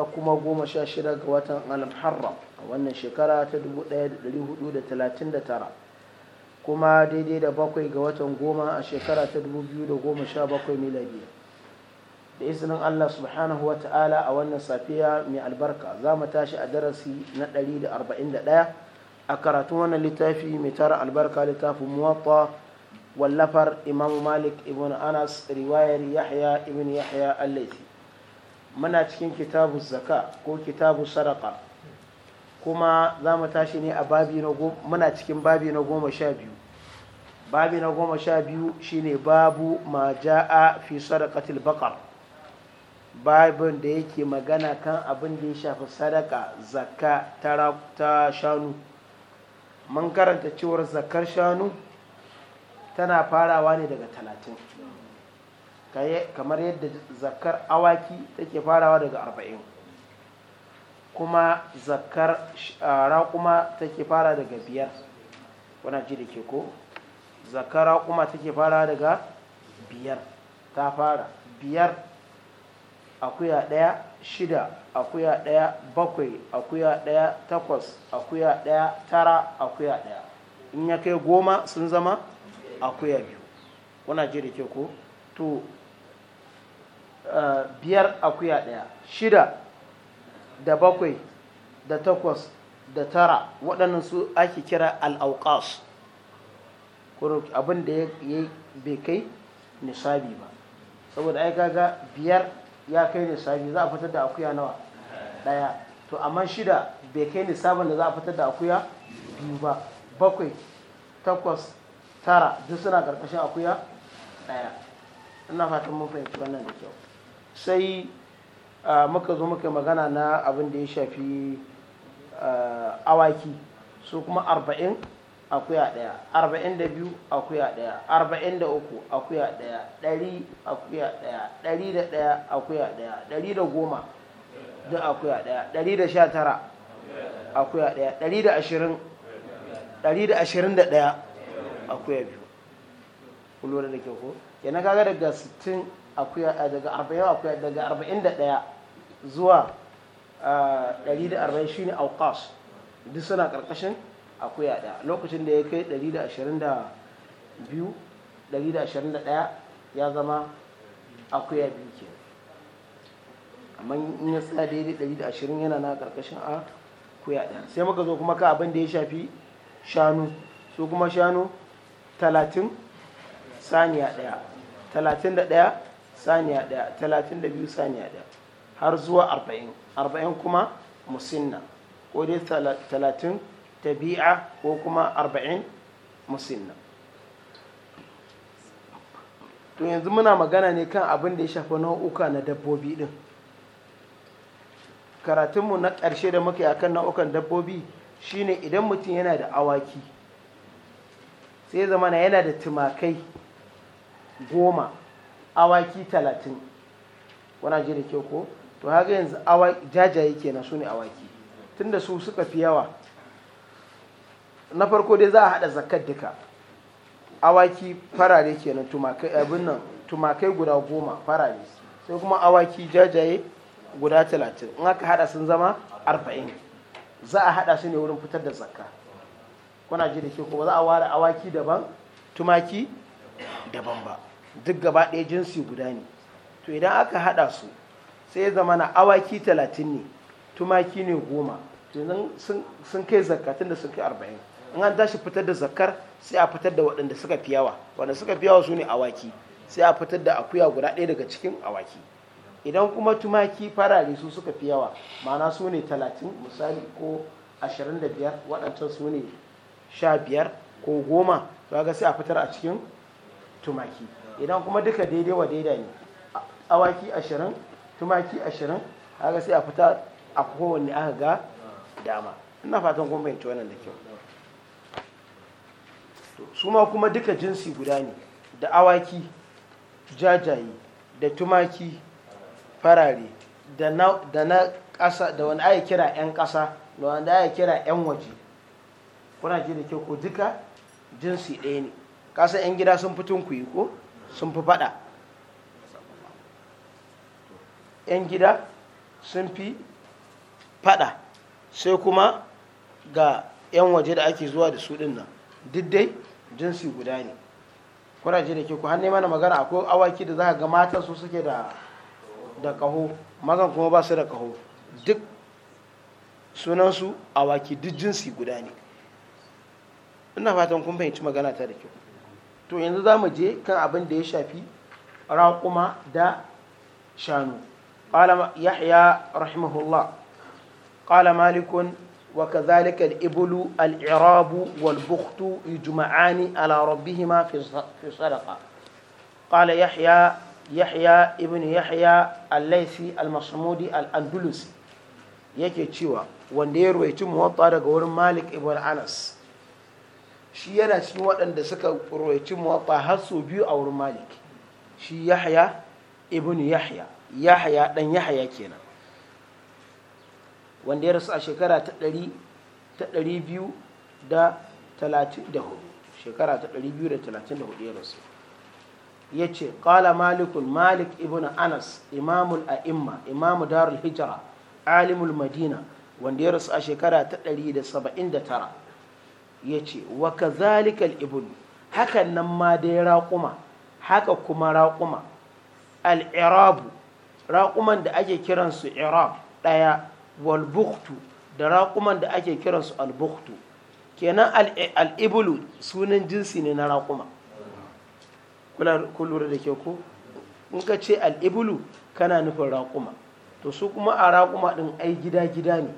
ta kuma goma sha shida ga watan al a wannan shekara ta 1439 kuma daidai da bakwai ga watan goma a shekara ta 2017 miladiya da izinin allah subhanahu wa ta'ala a wannan safiya mai albarka za mu tashi a darasi na 141 a karatun wannan littafi mai tara albarka littafin muwatta wallafar imamu malik ibn anas riwayar yahya ibn yahya al muna cikin kitabu zaka ko kitabu sadaka kuma za mu tashi ne a babi na muna cikin babi na goma sha biyu babi na goma sha biyu shine babu ma ja'a fi sadaqatil baqar babin da yake magana kan abin da ya shafi sadaka zakka ta shanu mun karanta cewar zakkar shanu tana farawa ne daga talatin kamar yadda zakar awaki take farawa daga arba'in kuma zakar raƙuma take fara daga biyar wana ji da ke ko zakar raƙuma take fara daga biyar ta fara biyar akuya ɗaya shida akuya ɗaya bakwai akuya ɗaya takwas akuya ɗaya tara akuya ɗaya in ya kai goma sun zama akuya biyu wana ji da ke ko to eh, biyar akuya ɗaya shida da bakwai da takwas da tara waɗannan su ake kira al'aukas abin da ya bai kai nisabi ba saboda ai kaga biyar ya kai nisabi za a fitar da akuya nawa ɗaya to amma shida bai kai nisabin da za a fitar da akuya biyu ba bakwai takwas tara duk suna ƙarƙashin akuya ɗaya ina fatan mun fahimci wannan da kyau sai muka zo muka magana na abin da ya shafi awaki su kuma arba'in akuya ɗaya arba'in da biyu akuya ɗaya arba'in da uku akuya ɗaya ɗari akuya ɗaya ɗari da ɗaya akuya ɗaya ɗari da goma duk akuya ɗaya ɗari da sha tara akuya ɗaya ɗari da ashirin ɗari da ashirin da ɗaya akuya biyu kullum da kyau ko ya na gaga daga 41 eh, zuwa 140 shi ne auqas duk suna karkashin akuya daya lokacin da ya kai 122 121 ya zama akuya biyu ke amma in ya tsaya daidai 120 yana na karkashin akuya daya sai muka zo kuma ka abin da ya shafi shanu su kuma shanu 30 saniya daya talatin da ɗaya saniya ɗaya talatin da biyu saniya ɗaya har zuwa arba'in arba'in kuma musinna ko dai talatin tabi'a ko kuma arba'in musinna to yanzu muna magana ne kan abin da ya shafi nau'uka na dabbobi din karatunmu na ƙarshe da muka yi akan nau'ukan dabbobi shine idan mutum yana da awaki sai zamana yana da tumakai goma awaki talatin wana ji da kyau ko to haka yanzu jajaye kenan su ne awaki tunda su suka fi yawa na farko dai za a haɗa zakat duka awaki farare kenan tumakai abin nan tumakai guda goma farare sai kuma awaki jajaye guda talatin in aka haɗa sun zama arba'in za a haɗa su ne wurin fitar da zakka kuna ji da ke kuma za a ware awaki daban tumaki daban ba duk gaba ɗaya jinsi guda ne to idan aka haɗa su sai ya zama na awaki talatin ne tumaki ne goma to sun kai zakatun da sun kai arba'in in an tashi fitar da zakar sai a fitar da waɗanda suka fi yawa waɗanda suka fi yawa su ne awaki sai a fitar da akuya guda ɗaya daga cikin awaki idan kuma tumaki farare su suka fi yawa mana su ne talatin misali ko ashirin da biyar waɗancan su ne sha biyar ko goma to ga sai a fitar a cikin tumaki idan kuma duka daidai wa daida ne awaki ashirin tumaki ashirin haka sai a fita a kowanne aka ga dama ina fatan kuma fahimci wannan da kyau su ma kuma duka jinsi guda ne da awaki jajaye da tumaki farare da na ƙasa da wani aya kira 'yan ƙasa da wanda aya kira 'yan waje kuna ji da kyau ko duka jinsi ɗaya ne ƙasa 'yan gida sun fitun ku yi ko sun fi fada yan gida sun fi fada sai kuma ga yan waje da ake zuwa da su din nan diddai jinsi guda ne kuraje da ke ku hannu mana magana akwai awaki da za ga matan su suke da da kaho mazan kuma ba su da kaho duk sunansu awaki duk jinsi guda ne ina fatan kun fahimci magana ta da kyau to yanzu za mu je kan abin da ya shafi raƙuma da shanu ƙala yahya rahimahullah ƙala malikun wa ka zalika al’irabu walbuktu yi juma’ani ala rabbihi ma fi sadaka ƙala yahya yahya ibn yahya al-laisi al-masamudi al-andalus yake cewa wanda ya ruwaici muwatta daga wurin malik ibn anas shi yana cikin waɗanda suka roici muwatta har sau biyu a wurin malik shi yahya ibn yahya yahya ɗan yahya kenan wanda ya rasu a shekara ta ɗari ta ɗari biyu da talatin da hudu shekara ta ɗari biyu da talatin da hudu ya rasu ya ce ƙala malikun malik ibn anas imamul a'imma imamu darul hijira alimul madina wanda ya rasu a shekara ta ɗari da saba'in da tara ya ce wa zalikal ibn hakan nan ma dai raƙuma haka kuma raƙuma al'irabu raƙuman da ake kiransu irab ɗaya walbuktu da raƙuman da ake kiransu albuktu kenan al'ibulu sunan jinsi ne na raƙuma kula da ke ko in ka ce al'ibulu kana nufin raƙuma to su kuma a raƙuma ɗin ai gida-gida ne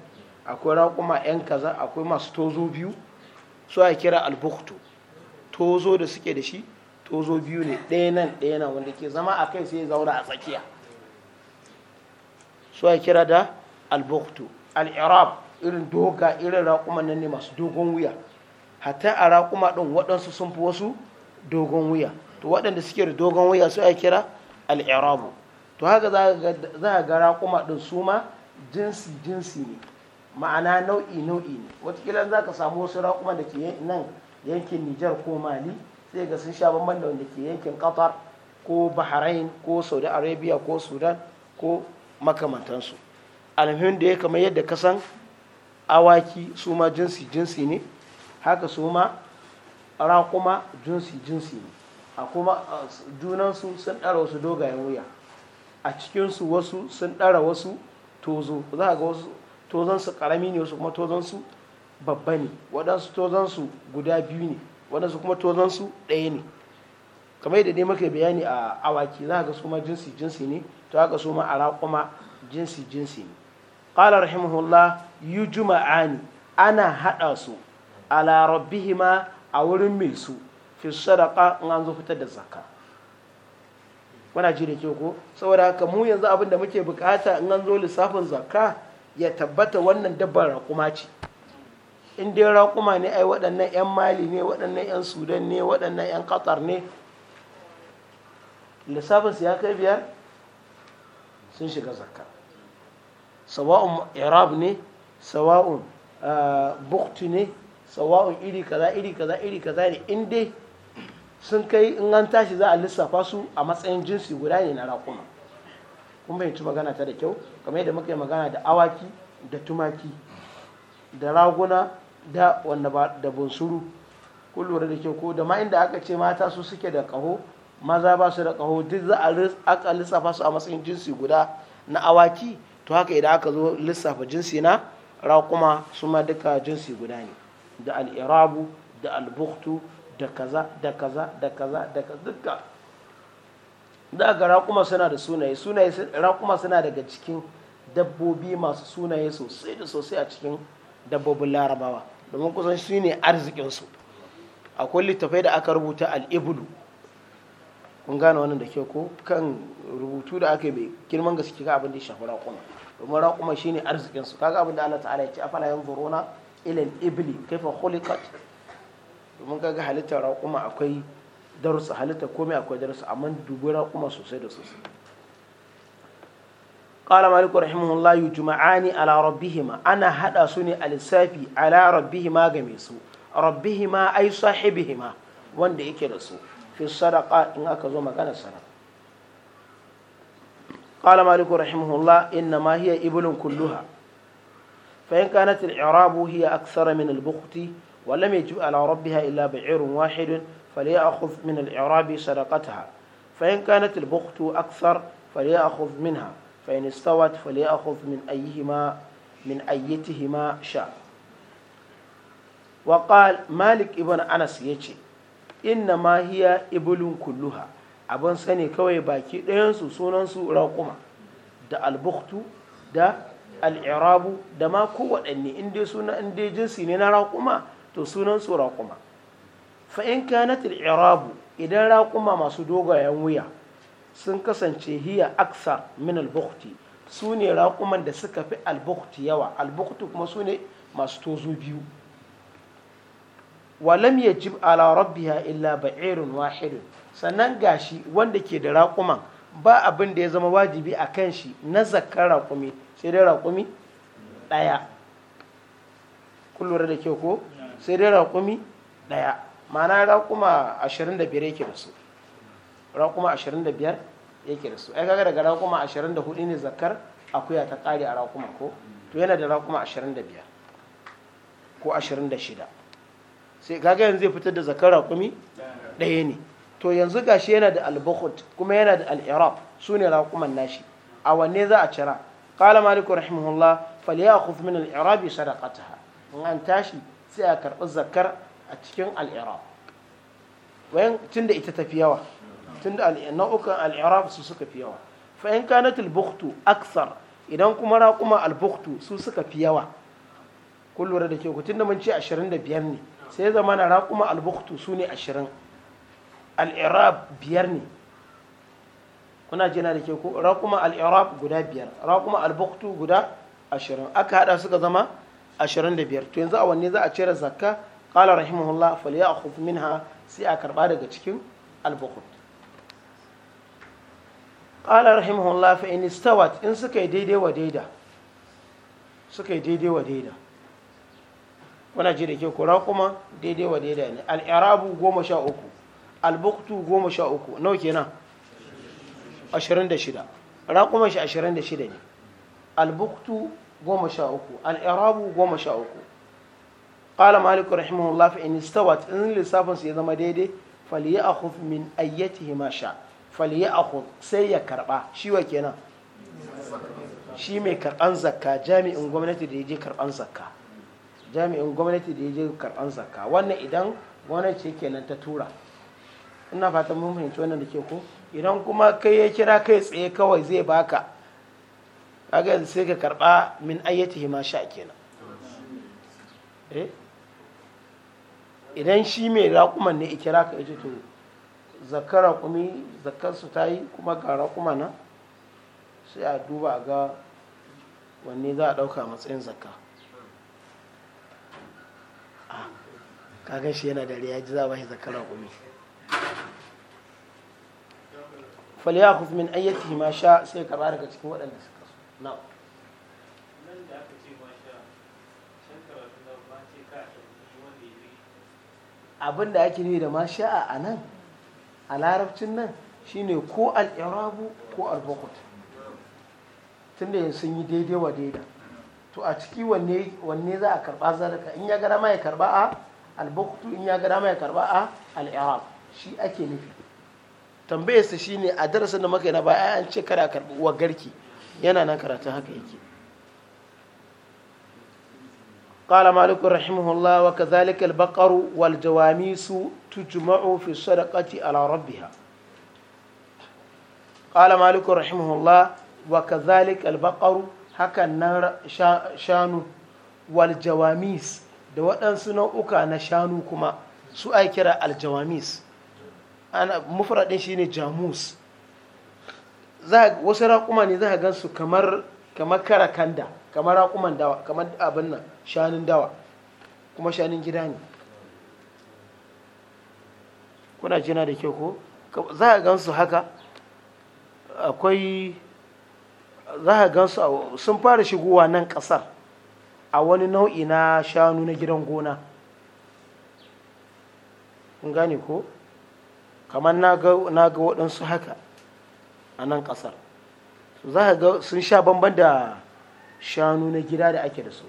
akwai raƙuma 'yan kaza akwai masu tozo biyu su a kira albuktu tozo da suke da shi tozo biyu ne ɗaya nan ɗaya nan wanda ke zama a kai sai ya zauna a tsakiya su a kira da albuktu al'irab irin doga irin raƙuman nan ne masu dogon wuya hatta a raƙuma ɗin waɗansu sun fi wasu dogon wuya to waɗanda suke da dogon wuya su a kira al'irabu to haka za a ga raƙuma ɗin su ma jinsi jinsi ne ma'ana nau'i nau'i ne watakila za ka samu wasu raƙuma da ke nan yankin nijar ko mali sai ga sun sha bamban da wanda ke yankin qatar ko bahrain ko saudi arabia ko sudan ko makamantansu alhamdulillah da ya kamar yadda ka san awaki su ma jinsi jinsi ne haka su ma raƙuma jinsi jinsi ne a kuma junansu sun ɗara wasu dogayen wuya a cikinsu wasu sun ɗara wasu tozo za ga tozansu karami ne wasu kuma tozansu babba ne waɗansu tozansu guda biyu ne waɗansu kuma tozansu ɗaya ne kamar yadda dai muka bayani a awaki za ka suma jinsi jinsi ne to haka suma a raƙuma jinsi jinsi ne qala rahimahullah yujma'ani ana haɗa su ala rabbihima a wurin mai su fi sadaka in an zo fitar da zakka wana ji da ke ko saboda haka mu yanzu abin da muke bukata in an zo lissafin zakka ya tabbata wannan dabbar raƙuma ce in dai raƙuma ne ai waɗannan 'yan mali ne waɗannan 'yan sudan ne waɗannan 'yan qatar ne lissafinsu ya kai biyar sun shiga zakka sawa'un irab ne sawa'un ah, Bukti ne sawa'un iri kaza iri kaza iri kaza ne in dai sun kai in an tashi za a lissafa su a matsayin jinsi guda ne na raƙuma kun bayyanci magana ta da kyau kamar yadda muka yi magana da awaki da tumaki da raguna da wanda ba da bunsuru kun da kyau ko da ma inda aka ce mata su suke da kaho maza ba su da kaho duk za a lissafa su a matsayin jinsi guda na awaki to haka idan aka zo lissafa jinsi na raƙuma su ma duka jinsi guda ne da al'irabu da albuktu da kaza da kaza da kaza da kaza duka da ga raƙuma suna da sunaye sunaye raƙuma suna daga cikin dabbobi masu sunaye sosai da sosai a cikin dabbobin larabawa domin kusan shi ne arzikinsu akwai littafai da aka rubuta al'ibulu kun gane wannan da ke ko kan rubutu da aka yi bai girman gaske ga abin da ya shafi raƙuma domin raƙuma shi ne arzikinsu kaga abin da Allah ta'ala ya ce afala yanzuruna ilal ibli kaifa khuliqat domin kaga halittar raƙuma akwai darussa halitta komai akwai darussa amma dubi raƙuma sosai da sosai قال مالك رحمه الله يجمعان على ربهما أنا هدا سني السافي على ربهما جميسو ربهما أي صاحبهما وان دي إكرسو في الصدقة إن أكزو مكان الصدقة قال مالك رحمه الله إنما هي إبل كلها فإن كانت الإعراب هي أكثر من البخت ولم يجب على ربها إلا بعير واحد فليأخذ من الإعراب صدقتها فإن كانت البخت أكثر فليأخذ منها فإن استوت فليأخذ من أيهما من أيتهما شاء وقال مالك ابن أنس يجي إنما هي إبل كلها abin sani kawai baki ɗayansu sunansu raƙuma da albuktu da al'irabu da ma kowaɗanne inda suna inda jinsi ne na raƙuma to sunansu raƙuma fa in kanat irabu idan raƙuma masu dogayen wuya sun kasance hiya aksar min al su ne raƙuman da suka fi al yawa al kuma su ne masu tozo biyu walam jib ala rabbiha illa ba'irun wahidun sannan gashi wanda ke da raƙuman ba abin da ya zama wajibi a kan shi na zakar raƙumi sai da kyau ko sai dai raƙumi ɗaya ma'ana raƙuma 25 yake da su raƙuma 25 yake da su ai kaga daga raƙuma 24 ne zakar akuya ta ƙare a raƙuma ko to yana da raƙuma 25 ko 26 sai kaga yanzu zai fitar da zakar raƙumi ɗaya ne to yanzu gashi yana da al-bukhut kuma yana da al su ne raƙuman nashi a wanne za a cira qala maliku rahimahullah falyakhuf min al-i'urab al-irabi sadaqataha in an tashi sai a karɓi zakar a cikin al'irab wayan da ita tafi yawa da nau'ukan al'irab su suka fi yawa fa kanatul buktu aksar idan kuma raƙuma al buktu su suka fi yawa kun lura da ke ku da mun ce 25 ne sai zama na raƙuma al buktu su ne 20 al-irab biyar ne kuna jina da ke raƙuma al-irab guda biyar raƙuma al buktu guda 20 aka hada suka zama 25 to yanzu a wanne za a cire zakka qala rahimahullah falyakhudh minha sai a karba daga cikin al-bukhut qala rahimahullah fa in istawat in suka yi daidai wa daida suka yi daidai wa daida wana ji da ke kura kuma daidai wa daida ne al-i'rabu 13 al-bukhtu 13 nawa kenan 26 raquma shi 26 ne al-bukhtu 13 al-i'rabu 13 qala malik rahimahullah fa in istawat in lissafin su ya zama daidai falyakhudh min ayyatihi ma sha falyakhudh sai ya karba shi wa kenan shi mai karban zakka jami'in gwamnati da yaje karban zakka jami'in gwamnati da yaje karban zakka wannan idan gwamnati ce kenan ta tura ina fatan mun fahimci wannan da ke ko idan kuma kai ya kira kai tsaye kawai zai baka kaga sai ka karba min ayyatihi ma sha kenan Eh? idan shi mai raƙuman ne ikira ka ita to zakar raƙumi zakar ta yi kuma ga raƙuma nan sai a duba a ga wanne za a ɗauka matsayin zakka ah, kagan shi yana dare ya ji za a bashi zakar raƙumi falyakhudh min ayyatihi ma sha sai ba daga cikin waɗanda suka so abin da ake yi da ma sha'a a nan a larabcin nan shine ko al'irabu ko al tun tunda yin sun yi daidai wa daida to a ciki wanne za a karba zaraka in ya gara ma ya karba a al in ya gara ma ya karba a al'irabu shi ake nufi tambayarsa shine a darasin da maka yi na baya an ce kada karbi uwar garki yana nan karatun haka yake قال مالك رحمه الله وكذلك البقر والجواميس تجمع في الصدقة على ربها قال مالك رحمه الله وكذلك البقر هكا النار شانو والجواميس da waɗansu nau'uka na shanu kuma su ai kira aljawamis ana mufradin shine jamus wasu raƙuma ne za ka gansu kamar kamar kanda kamar raƙuman dawa kamar abin nan shanun dawa kuma shanun gida ne kuna jina da kyau ko za a gansu haka akwai za a gansu sun fara shigowa nan kasar a wani nau'i na shanu na gidan gona kun gane ko kamar na ga waɗansu haka a nan kasar za ga sun sha bamban da shanu na gida da ake da su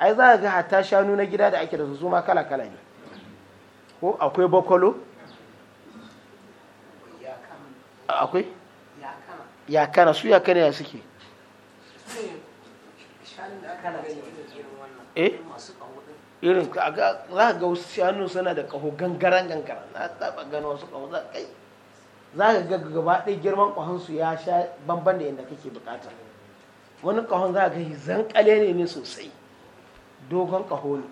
ai za a ga hatta shanu na gida da ake da su ma kala kala ne ko akwai bakwalo akwai yakana su yakana ya suke eh irin za a ga wasu shanu suna da kaho gangaran gangaran na taba gano wasu kaho za kai za ka ga gaba ɗai girman ƙahonsu ya sha banban da yadda kake bukata wani ƙahon za ka ga zankale ne ne sosai dogon ƙaho ne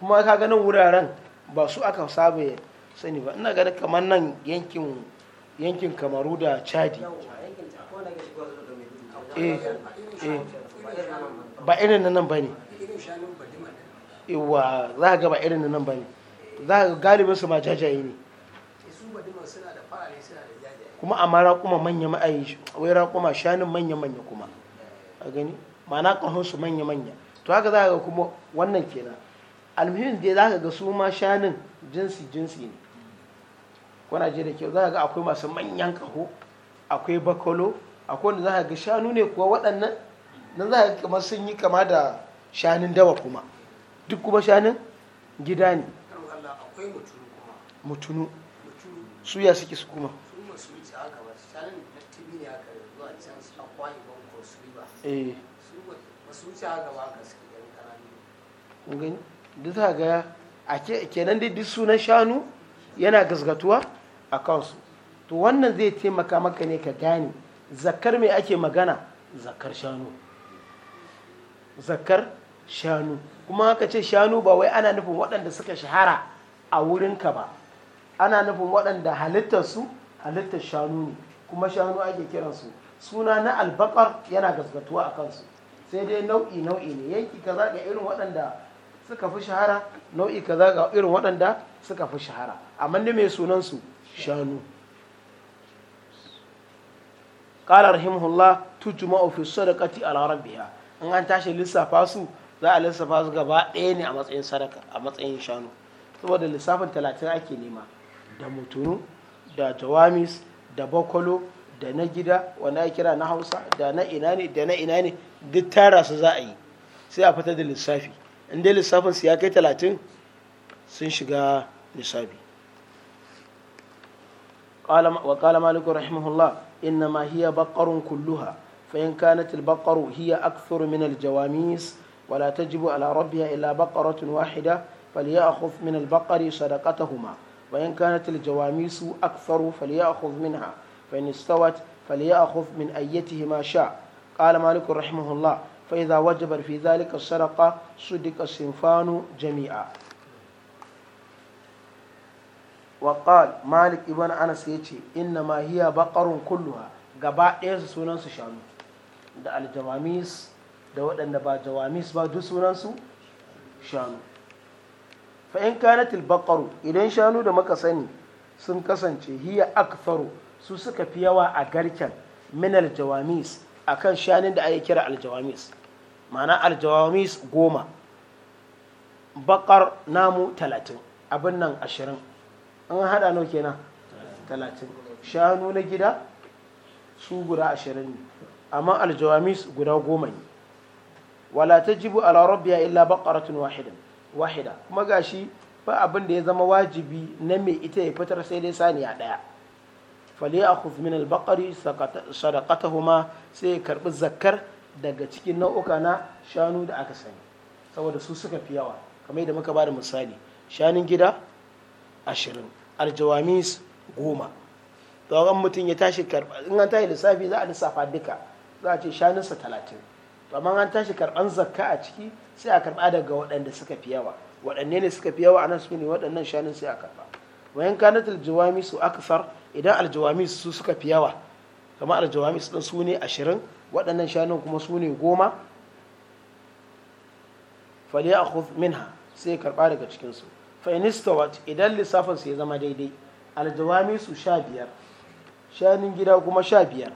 kuma ka ganin wuraren ba su aka saba sani ba ina ganin kamar nan yankin yankin kamaru da chadi eh, eh. ba irin da nan ba ne iwa za ga ba irin da nan ba ne za ga galibin su ma jajaye ne kuma amma raƙuma manya ma'ayi wai raƙuma shanin manya manya kuma a gani ma'ana ƙahon su manya manya to haka za ga kuma wannan kenan almuhim dai za ka ga su ma shanin jinsi jinsi ne kuna je da kyau za ka ga akwai masu manyan kaho akwai bakolo akwai wanda za ka ga shanu ne kuwa waɗannan nan za ka ga kamar sun yi kama da shanun dawa kuma duk kuma shanun gida ne mutunu suya suke su kuma eh zuciya gaba suke za ga a kenan dai duk sunan shanu yana gasgatuwa a kansu to wannan zai taimaka maka ne ka gane zakar mai ake magana zakar shanu zakar shanu kuma haka ce shanu ba wai ana nufin waɗanda suka shahara a wurinka ba ana nufin waɗanda halittarsu halittar shanu ne kuma shanu ake kiransu suna na albakar yana gasgatuwa a kansu sai dai nau'i nau'i ne yanki kaza ga irin waɗanda suka fi shahara nau'i kaza ga irin waɗanda suka fi shahara amma ne mai sunan su shanu qala rahimahullah tujma'u fi sadaqati ala rabbiha in an tashi lissafa su za a lissafa su gaba ɗaya ne a matsayin sadaka a matsayin shanu saboda lissafin talatin ake nema da mutunu da jawamis da bakwalo da na gida wanda ya kira na hausa da na ina da na ina ne duk tara za a yi sai a fitar da lissafi inda lissafin su ya kai talatin sun shiga lissafi wa kala malikun rahimahullah inna ma hiya bakarun kulluha fa in kana til bakaru hiya akthur min al jawamis wa la tajibu ala rabbiha illa baqaratun wahida falyakhudh min al baqari sadaqatahuma wa in kana til jawamis akthar falyakhudh minha فإن استوت فليأخذ من أيته ما شاء قال مالك رحمه الله فإذا وجب في ذلك السرقة صدق malik جميعا وقال مالك ابن أنس يتي إنما هي بقر كلها gaba ɗaya su shanu da aljawamis da waɗanda ba jawamis ba duk sunansu shanu fa'in kanatil baƙaru idan shanu da muka sani sun kasance hiya akfaru su suka fi yawa a garken min aljawamis kan shanin da ake kira aljawamis ma'ana aljawamis goma bakar namu talatin abin nan ashirin an haɗa nau kenan talatin shanu na gida su guda ashirin ne amma aljawamis guda goma ne wala ta jibu ala rabbiya illa baqaratun wahidan wahida kuma gashi ba abin da ya zama wajibi na mai ita ya fitar sai dai saniya ɗaya fali a min albakari sadaqatahuma sai ya karbi zakar daga cikin nau'uka na shanu da aka sani saboda su suka fi yawa kamar yadda muka bada misali shanun gida ashirin aljawamis goma to mutum ya tashi karɓa in an tashi lissafi za a lissafa duka za a ce shanunsa talatin to amma an tashi karɓar zakka a ciki sai a karɓa daga waɗanda suka fi yawa waɗanne ne suka fi yawa a nan su ne waɗannan shanun sai a karɓa wayan kanatul jawami su akasar idan aljawamis su suka fi yawa kama aljawamis ɗin su ne ashirin waɗannan shanun kuma su ne goma fali a minha sai ya karɓa daga cikinsu fainistawat idan su ya zama daidai su sha biyar shanun gida kuma sha biyar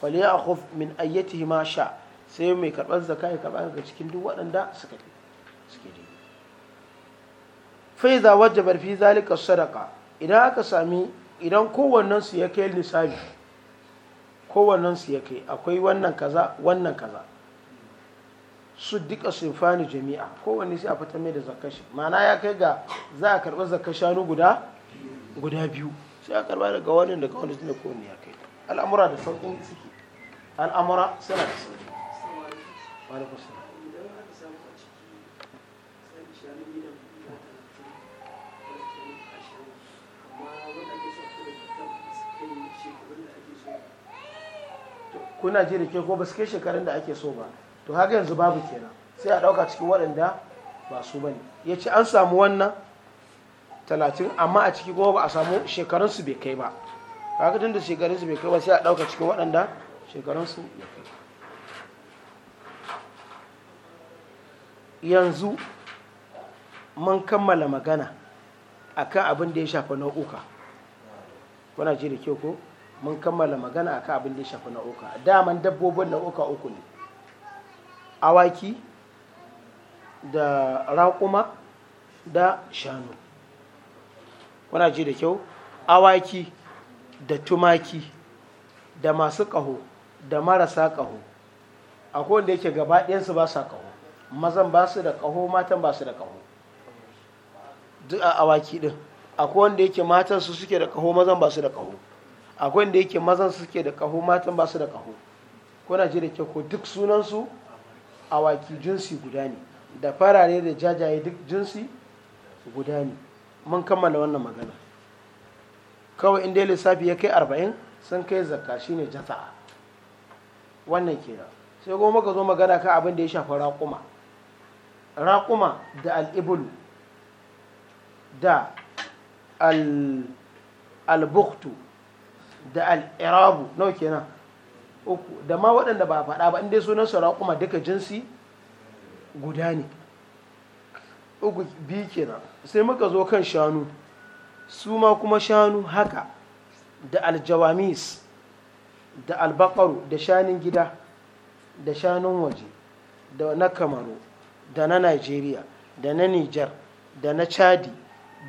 fali a min ayyati ma sha sai mai karɓar zaka ya karɓa daga cikin duk waɗanda suka fi suke daidai faiza wajabar fi zalika sadaka idan aka sami idan kowannensu ya kai nisabi kowannensu ya kai akwai wannan kaza wannan kaza su duka fani jami'a kowanne sai a fitar mai da zakashi mana ya kai ga za a karɓar zakashi shanu guda guda biyu sai a karɓa daga wani da kawai da kowanne ya kai al'amura da sauƙin ciki al'amura suna da sauƙi kuna ji da ke ko ba su kai shekarun da ake so ba to haka yanzu babu kenan sai a ɗauka cikin waɗanda ba su ba ne ya ce an samu wannan talatin amma a ciki kuma ba a samu shekarunsu bai kai ba haka tun da shekarunsu bai kai ba sai a ɗauka cikin waɗanda shekarunsu su kai yanzu mun kammala magana akan abin da ya shafa nau'uka kuna ji da ke ko mun kammala magana akan abin da ya shafi nau'uka daman dabbobin nau'uka uku ne awaki da raƙuma da shanu kuna ji da kyau awaki da tumaki da masu ƙaho da marasa ƙaho akwai wanda yake gaba ɗayansu ba sa ƙaho mazan ba su da ƙaho matan ba su da ƙaho duk a awaki ɗin akwai wanda yake matan su suke da ƙaho mazan ba su da ƙaho akwai da yake mazan suke da kaho matan ba su da kaho kuna ji da kyau ko duk sunansu awaki jinsi guda ne da farare da jajaye duk jinsi guda ne mun kammala wannan magana kawai inda lissafi ya kai arba'in sun kai zakka shine jata wannan kenan sai kuma muka zo magana kan abin da ya shafi raƙuma raƙuma da al'ibulu da al-buktu da al'irabu nawa kenan uku da ma waɗanda ba faɗa ba inda sunan su kuma duka jinsi guda ne uku biyu kenan sai muka zo kan shanu su ma kuma shanu haka da aljawamis da albakaru da shanin gida da shanun waje da na kamaru da na nigeria da na niger da na chadi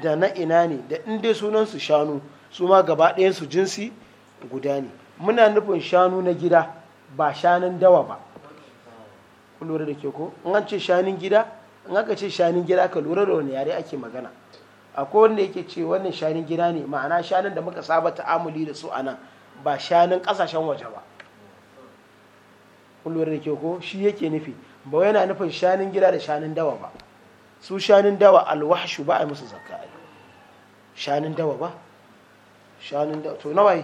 da na ina ne da inda sunansu shanu su ma gaba jinsi guda ne muna nufin shanu na gida ba shanun dawa ba ku lura da ke ko in an ce shanun gida in aka ce shanun gida ka lura da wani yare ake magana akwai wanda yake ce wannan shanun gida ne ma'ana shanun da muka saba ta'amuli da su a nan ba shanun kasashen waje ba ku lura da ke ko shi yake nufi ba yana nufin shanun gida da shanun dawa ba su shanun dawa alwahshu ba a musu zakka shanun dawa ba shanun dawa to yi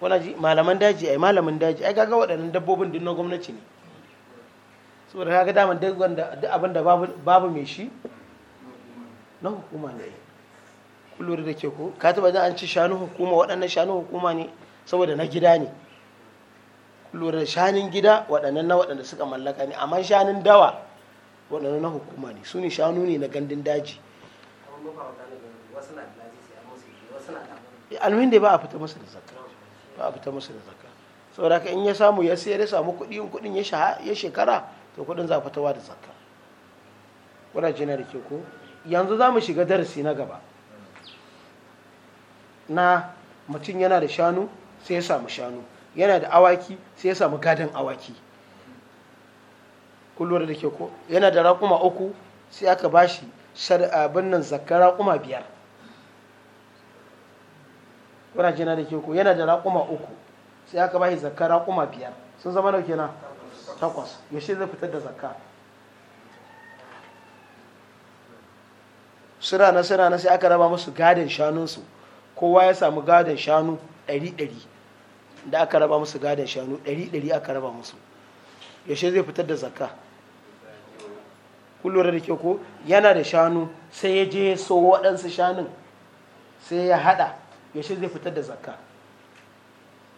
kuna ji malaman daji ai malamin daji ai kaga waɗannan dabbobin din na gwamnati ne saboda kaga daman duk wanda duk abin da babu mai shi na hukuma ne kullum da ke ko ka taba da an ci shanu hukuma waɗannan shanu hukuma ne saboda na gida ne kullum da shanun gida waɗannan na waɗanda suka mallaka ne amma shanun dawa waɗannan na hukuma ne su ne shanu ne na gandun daji almin da eh, ba a fita masa da zaka to a fita musu da zakka saboda in ya samu ya sayar ya samu kuɗi in kuɗin ya shekara to kuɗin za a fitawa da zakka kuna jina da ke ko yanzu za mu shiga darasi na gaba na mutum yana da shanu sai ya samu shanu yana da awaki sai ya samu gadon awaki kullum da ke ko yana da raƙuma uku sai aka bashi abin nan zakka raƙuma biyar kuna jina da ke ku yana da raƙuma uku sai aka bashi zakka raƙuma biyar sun zama nauke na? takwas yaushe zai fitar da zakka suna na suna na sai aka raba musu gadin shanunsu kowa ya samu gadin shanu ɗari ɗari da aka raba musu gadin shanu ɗari ɗari aka raba musu yashe zai fitar da zakka kullum da ke ku yana da shanu sai ya je so waɗansu shanun sai ya haɗa yaushe zai fitar da zakka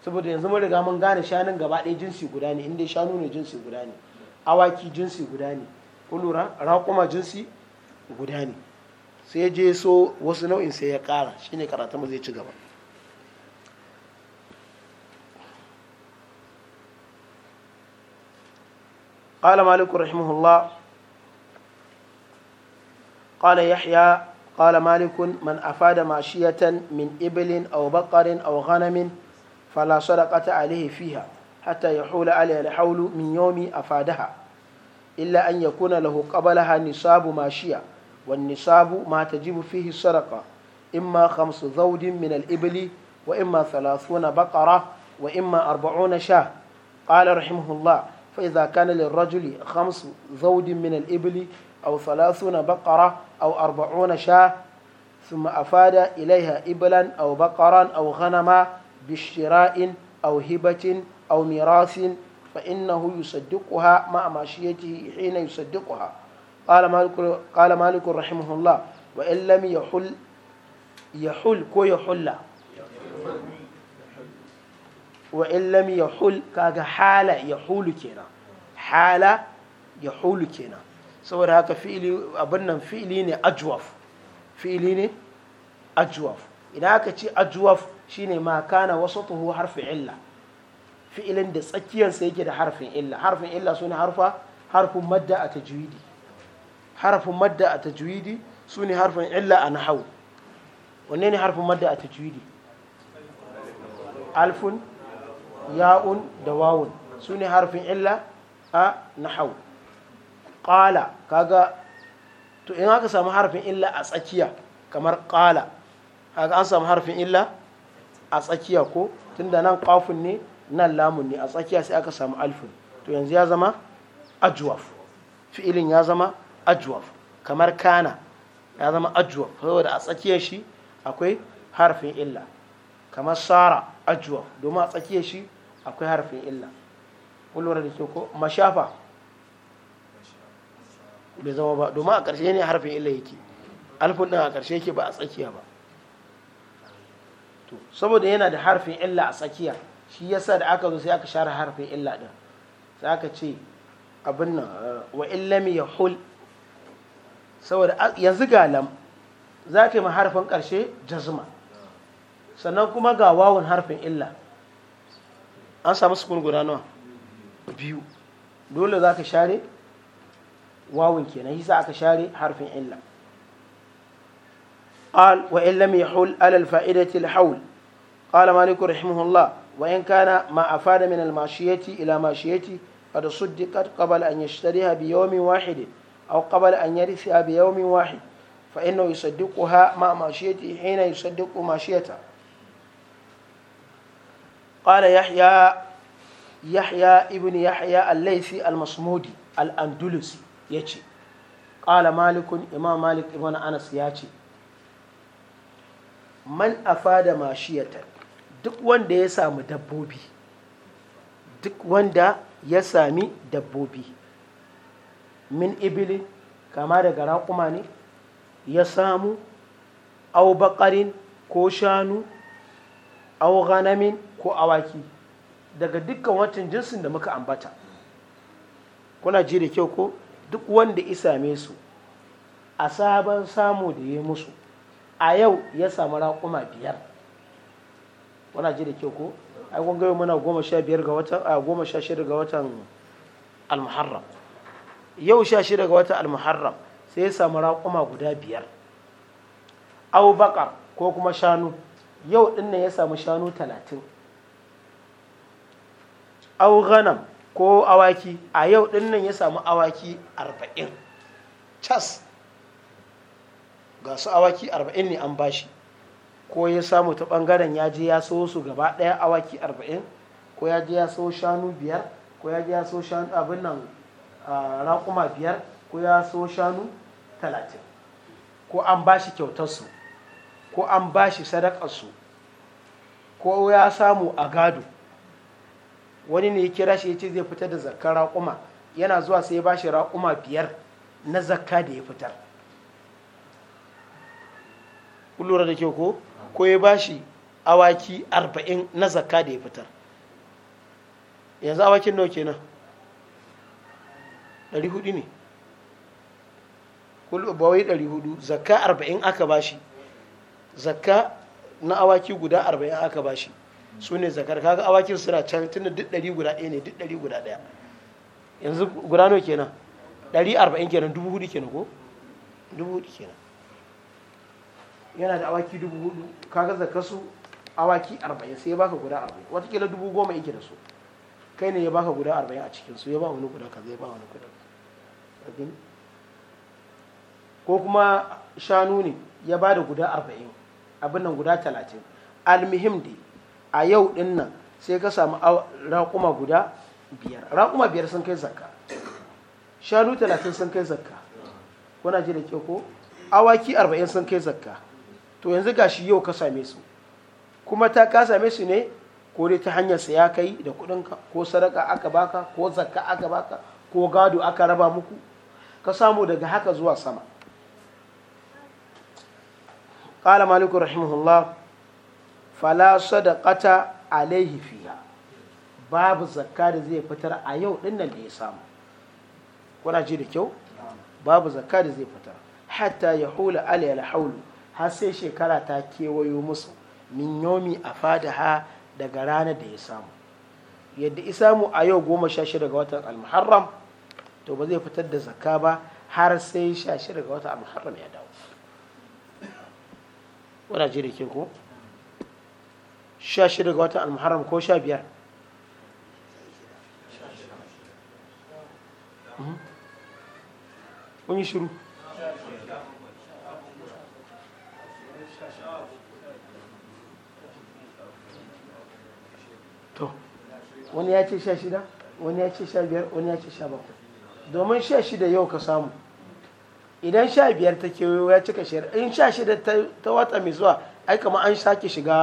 saboda yanzu mun riga mun gane shanun gaba ɗaya jinsi guda ne inda shanu ne jinsi guda ne awaki jinsi guda ne kulura raƙuma jinsi guda ne sai je so wasu nau'in sai ya ƙara shine karatu mu zai ci gaba قال مالك رحمه الله قال قال مالك من أفاد ماشية من إبل أو بقر أو غنم فلا صدقة عليه فيها حتى يحول عليه الحول من يوم أفادها إلا أن يكون له قبلها نصاب ماشية والنصاب ما تجب فيه الصدقة إما خمس ذود من الإبل وإما ثلاثون بقرة وإما أربعون شاه قال رحمه الله فإذا كان للرجل خمس ذود من الإبل أو ثلاثون بقرة أو أربعون شاة ثم أفاد إليها إبلا أو بقرا أو غنما بشراء أو هبة أو ميراث فإنه يصدقها مع ماشيته حين يصدقها قال مالك قال مالك رحمه الله وإن لم يحل يحل كو يحل وإن لم يحل كاga حال يحول كنا حال يحول كنا saboda haka fi'ili abin nan fi'ili ne ajwaf fi'ili ne ajwaf idan aka ce ajwaf shine ma kana wasu wasatuhu harfi illa fi'ilin da tsakiyarsa yake da harfin illa harfin illa ne harfa harfin madda a tajwidi harfin madda a tajwidi ne harfin illa a nahau wanne ne harfin madda a tajwidi alfun ya'un da wawun ne harfin illa a nahau. ƙala kaga to in aka samu harfin illa a tsakiya kamar ƙala kaga an samu harfin illa a tsakiya ko tunda nan ƙafin ne nan lamun ne a tsakiya sai aka samu alfin to yanzu ya zama ajwaf fi'ilin ya zama ajwaf kamar kana ya zama ajwaf saboda a tsakiyar shi akwai harfin illa kamar sara ajwaf domin a tsakiyar shi akwai harfin illa kullum da ke ko mashafa bai zama ba domin a ƙarshe ne harfin illa yake alfun ɗin a ƙarshe yake ba a tsakiya ba to saboda yana da harfin illa a tsakiya shi yasa da aka zo sai aka share harfin illa ɗin sai aka ce abin nan eh, wa illami ya hul saboda yanzu ga lam za ka yi harfin ƙarshe jazma sannan kuma ga wawun harfin illa an samu sukun guda nawa biyu dole za ka share wawun kenan hisa aka share harfin illa قال وإن لم يحول على الفائدة الحول قال مالك رحمه الله وإن كان ما أفاد من الماشية إلى ماشية قد صدقت قبل أن يشتريها بيوم واحد أو قبل أن يرثها بيوم واحد فإنه يصدقها مع ماشيته حين يصدق ماشيته قال يحيى يحيى ابن يحيى الليثي المصمودي الأندلسي ya ce ƙala malikun imam malik ibn anas ya ce man afada mashiyatan duk wanda ya sami dabbobi duk wanda ya sami dabbobi min ibili kama daga raƙuma ne ya samu au baƙarin ko shanu au ganamin ko awaki daga dukkan watan jinsin da muka ambata kuna ji da kyau ko duk wanda same su a sabon samu da ya musu a yau ya samu raƙuma biyar wana ji da kyau ko ai kun gaya mana goma sha biyar ga watan a goma sha shida ga watan almuharram yau sha shida ga watan almuharram sai ya samu raƙuma guda biyar au bakar ko kuma shanu yau ɗin ya samu shanu talatin au ghanam ko awaki a yau din nan ya samu awaki arba'in cas ga su awaki arba'in ne an bashi ko ya samu ta bangaren ya je ya so su gaba daya awaki arba'in ko ya je ya so shanu biyar ko ya je ya so shanu abin nan raƙuma biyar ko ya so shanu talatin ko an bashi kyautarsu ko an bashi sadakarsu ko ya samu a gado wani ne ya kira shi ya ce zai fitar da zakka raƙuma yana zuwa sai ya bashi raƙuma biyar na zakka da ya fitar kun lura da kyau ko ko ya bashi awaki arba'in na zakka da ya fitar yanzu awakin nawa kenan ɗari hudu ne bawai ɗari hudu zakka arba'in aka bashi zakka na awaki guda arba'in aka bashi su ne zakar kaga awakin suna can tunda duk ɗari guda ɗaya ne duk ɗari guda ɗaya yanzu guda nawa kenan ɗari arba'in kenan dubu hudu kenan ko dubu hudu kenan yana da awaki dubu hudu kaga zakar su awaki arba'in sai ya baka guda arba'in watakila dubu goma yake da su kai ne ya baka guda arba'in a cikin su ya ba wani guda kaza ya ba wani guda ko kuma shanu ne ya ba da guda arba'in abin nan guda talatin almihim dai a yau din nan sai ka samu raƙuma guda biyar raƙuma biyar sun kai zakka shanu talatin sun kai zakka kuna ji da ke ko awaki arba'in sun kai zakka to yanzu ga shi yau ka same su kuma ta ka same su ne ko dai ta hanyar saya kai da kuɗinka ko sadaka aka baka ko zakka aka baka ko gado aka raba muku ka samu daga haka zuwa sama قال مالك رحمه الله fala sadaqata alaihi fiha babu zakka da zai fitar a yau din nan da ya samu kuna ji da kyau babu zakka da zai fitar hatta ya hula alayal haulu har sai shekara ta kewayo musu min yomi a fadaha daga ranar da ya samu yadda samu a yau goma sha shida ga watan almuharram to ba zai fitar da zakka ba har sai sha shida ga watan almuharram ya dawo wadda ji da ke ko sha shida ga watan almuharram ko sha biyar kun mhm. yi shiru to wani ya ce sha shida wani ya ce sha biyar wani ya ce sha bakwai domin sha shida yau ka samu idan sha biyar ta kewayo ya cika shayar in sha shida ta wata mai zuwa ai kama an sake shiga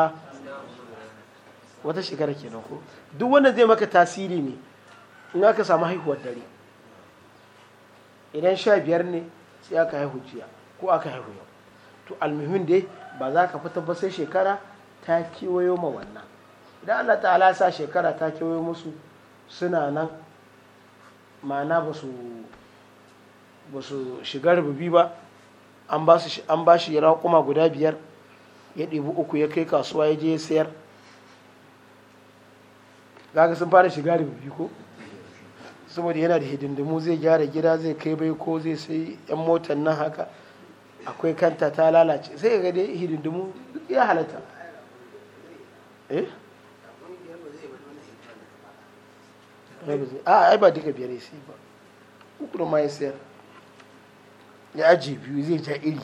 wata shekara kenan ko duk wanda zai maka tasiri ne in aka samu haihuwar dare idan sha biyar ne sai aka haihu jiya ko aka haihu yau to almuhim dai ba za ka fita ba sai shekara ta kewayo ma wannan idan allah ta'ala sa shekara ta kewayo musu suna nan ma'ana ba su ba su shiga rububi ba an ba shi raƙuma guda biyar ya ɗibi uku ya kai kasuwa ya je ya sayar zaka sun fara shiga bibi ko saboda yana da hidindimu zai gyara gida zai kai bai ko zai sai yan motar nan haka akwai kanta ta lalace sai ga dai hidindimu ya halatta eh a ah, ai ba duka biyar sai ba uku ma ya sayar ya ajiye biyu zai ja iri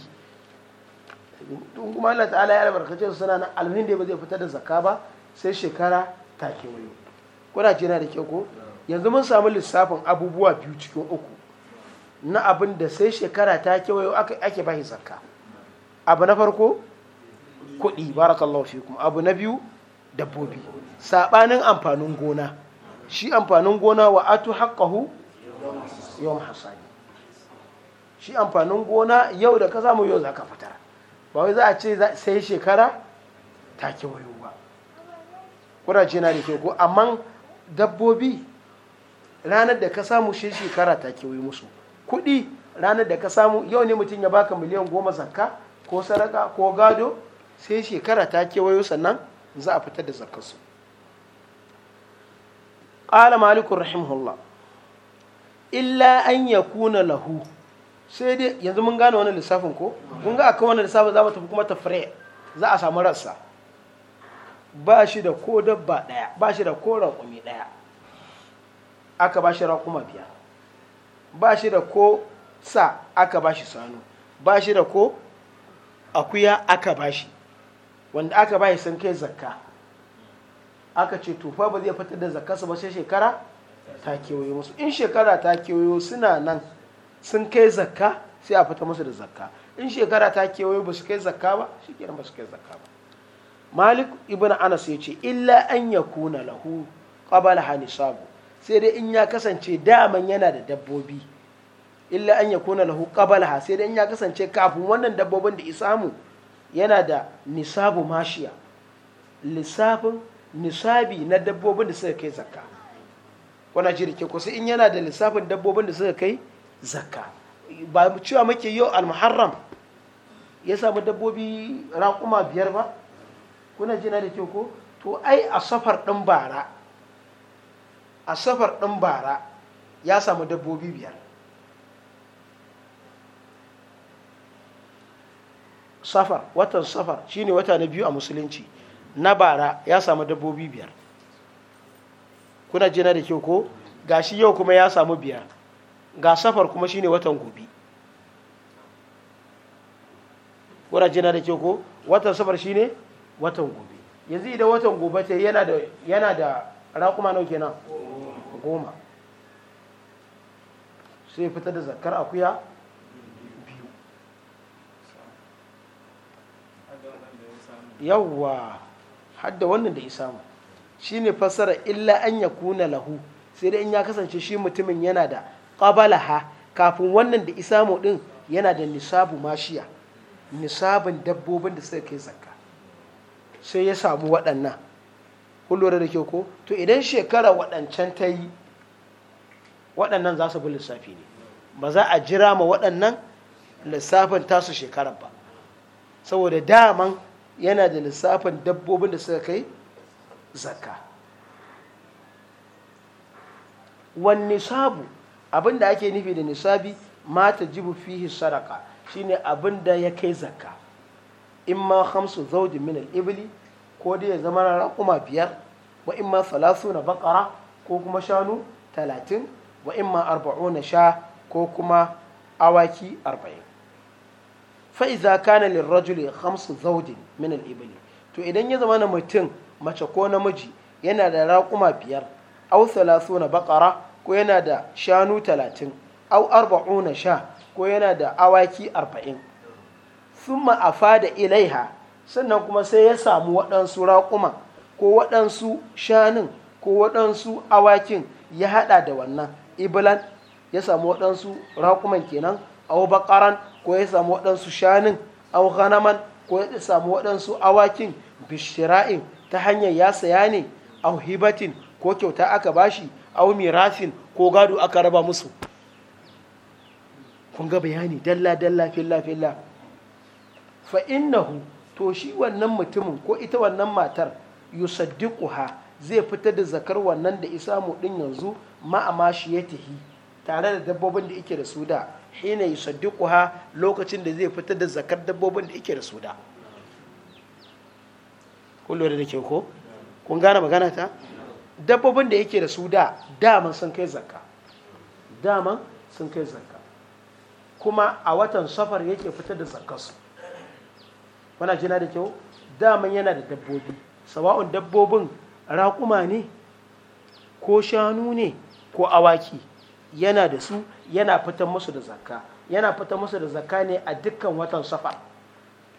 tun kuma Allah ta'ala ya albarkace su suna nan ba zai fitar da zakka ba sai shekara ta kewayo ƙuraje na da kyau ko yanzu mun samu lissafin abubuwa biyu cikin uku na abin da sai shekara ta kewayo ake bashi zakka abu na farko kuɗi barakallahu kuma abu na biyu dabbobi sabanin amfanin gona shi amfanin gona wa atu haƙƙahu yau hasani shi amfanin gona yau da ka samu yau za ka fitar ba wai za a ce sai shekara ta kewayo ba ƙuraje na da kyau ko amma dabbobi ranar da ka samu shi shekara ta kewaye musu kuɗi ranar da ka samu yau ne mutum ya baka miliyan goma zakka ko saraka ko gado sai shekara ta kewayo sannan za a fitar da zakkarsu ƙala malikun rahimahullah illa an ya kuna lahu sai dai yanzu mun gane wani lissafin ko mun ga akan wani lissafin za mu tafi kuma tafre za a samu rassa ba shi da ko dabba ɗaya ba shi da ko raƙumi ɗaya aka ba shi raƙuma biya ba shi da ko sa aka ba shi sanu ba shi da ko akuya aka ba shi wanda aka ba shi sun kai zakka aka ce tufa ba zai fitar da zakkarsa ba sai shekara ta kewayo musu in shekara ta kewayo suna nan sun kai zakka sai a fita musu da zakka in shekara ta kewayo ba su kai zakka ba shi ba su kai zakka ba malik ibn anas ya ce illa an ya kuna lahu qabala hanisabu sai dai in ya kasance daman yana da dabbobi illa an ya kuna lahu ha sai dai in ya kasance kafin wannan dabbobin da isamu yana da nisabu mashiya lissafin nisabi na dabbobin da suka kai zakka wana ji ke in yana da lissafin dabbobin da suka kai zakka ba cewa muke yau al-muharram ya samu dabbobi raƙuma biyar ba kuna jina da kyau ko to ai a safar ɗin bara a safar ɗin bara ya samu dabbobi biyar safar watan safar shine wata na biyu a musulunci na bara ya samu dabbobi biyar kuna jina da kyau ko Ga shi yau kuma ya samu biyar ga safar kuma shine watan gobe kuna jina da kyau ko watan safar shine ne watan gobe yanzu idan watan gobe ce yana da rakuma da nau kenan goma sai fitar da zakar akuya biyu yawwa hadda wannan da mu shi ne fassara illa an ya kuna lahu sai dai in ya kasance shi mutumin yana da ƙabalaha kafin wannan da isa mu din yana da nisabu mashiya nisabin dabbobin da suka kai zakka sai ya samu waɗannan kun da ke ko to idan shekara waɗancan ta yi waɗannan za su bi lissafi ne ba za a jira ma waɗannan lissafin tasu shekarar ba saboda daman yana da lissafin dabbobin da suka kai zakka wani sabu abinda ake nufi da nisabi mata jibu fihi sadaka shine abin da ya kai zakka in ma hamsu zaujin min al-ibli ko dai ya zama raƙuma biyar wa in ma salasu na bakara ko kuma shanu talatin wa in ma arba'u na sha ko kuma awaki arba'in fa'iza kana lirrajuli hamsu zaujin min al-ibli to idan ya zama na mutum mace ko namiji yana da raƙuma biyar au salasu na bakara ko yana da shanu talatin au arba'u na sha ko yana da awaki arba'in thumma afada ilaiha sannan kuma sai ya samu waɗansu raƙuma ko waɗansu shanun ko waɗansu awakin ya haɗa da wannan iblan ya samu waɗansu raƙuman kenan au bakaran ko ya samu waɗansu shanun. au ganaman ko ya samu waɗansu awakin bishira'in ta hanyar ya saya ne au hibatin ko kyauta aka bashi au mirasin ko gado aka raba musu kun ga bayani dalla dalla filla filla fa innahu to shi wannan mutumin ko ita wannan matar yusaddiquha zai fitar da zakar wannan da isamu din yanzu amma shi ya tahi tare da dabbobin da yake da su da hina yusaddiquha lokacin da zai fitar da zakar dabbobin da yake da su da kun lura da ke ko kun gane magana ta dabbobin da yake da su da daman sun kai zakka daman sun kai zakka kuma a watan safar yake fitar da zakkarsu kuna na da kyau daman yana da dabbobi sawa'un dabbobin raƙuma ne ko shanu ne ko awaki yana da su yana fitan musu da zakka yana fitan musu da zakka ne a dukkan watan safa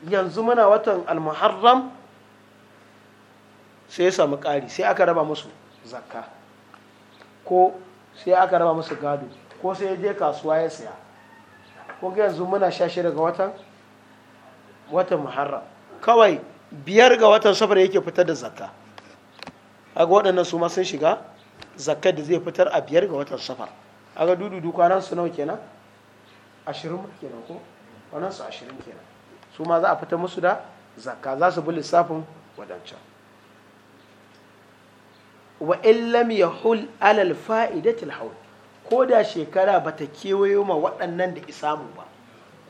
yanzu muna watan almuharram sai ya samu ƙari sai aka raba musu zakka ko sai aka raba musu gado ko sai ya je kasuwa ya siya ko yanzu muna sha shi daga watan watan muharram kawai biyar ga watan safar yake fitar da zakka a ga waɗannan su ma sun shiga zakka da zai fitar a biyar ga watan safar a aga dududu kwanan su nawa kenan ashirin kenan ko kwanan su ashirin kenan su ma za a fitar musu da zakka za su bi lissafin wadancan wa illam yahul alal fa'idatil haul ko da shekara bata kewayo ma waɗannan da isamu ba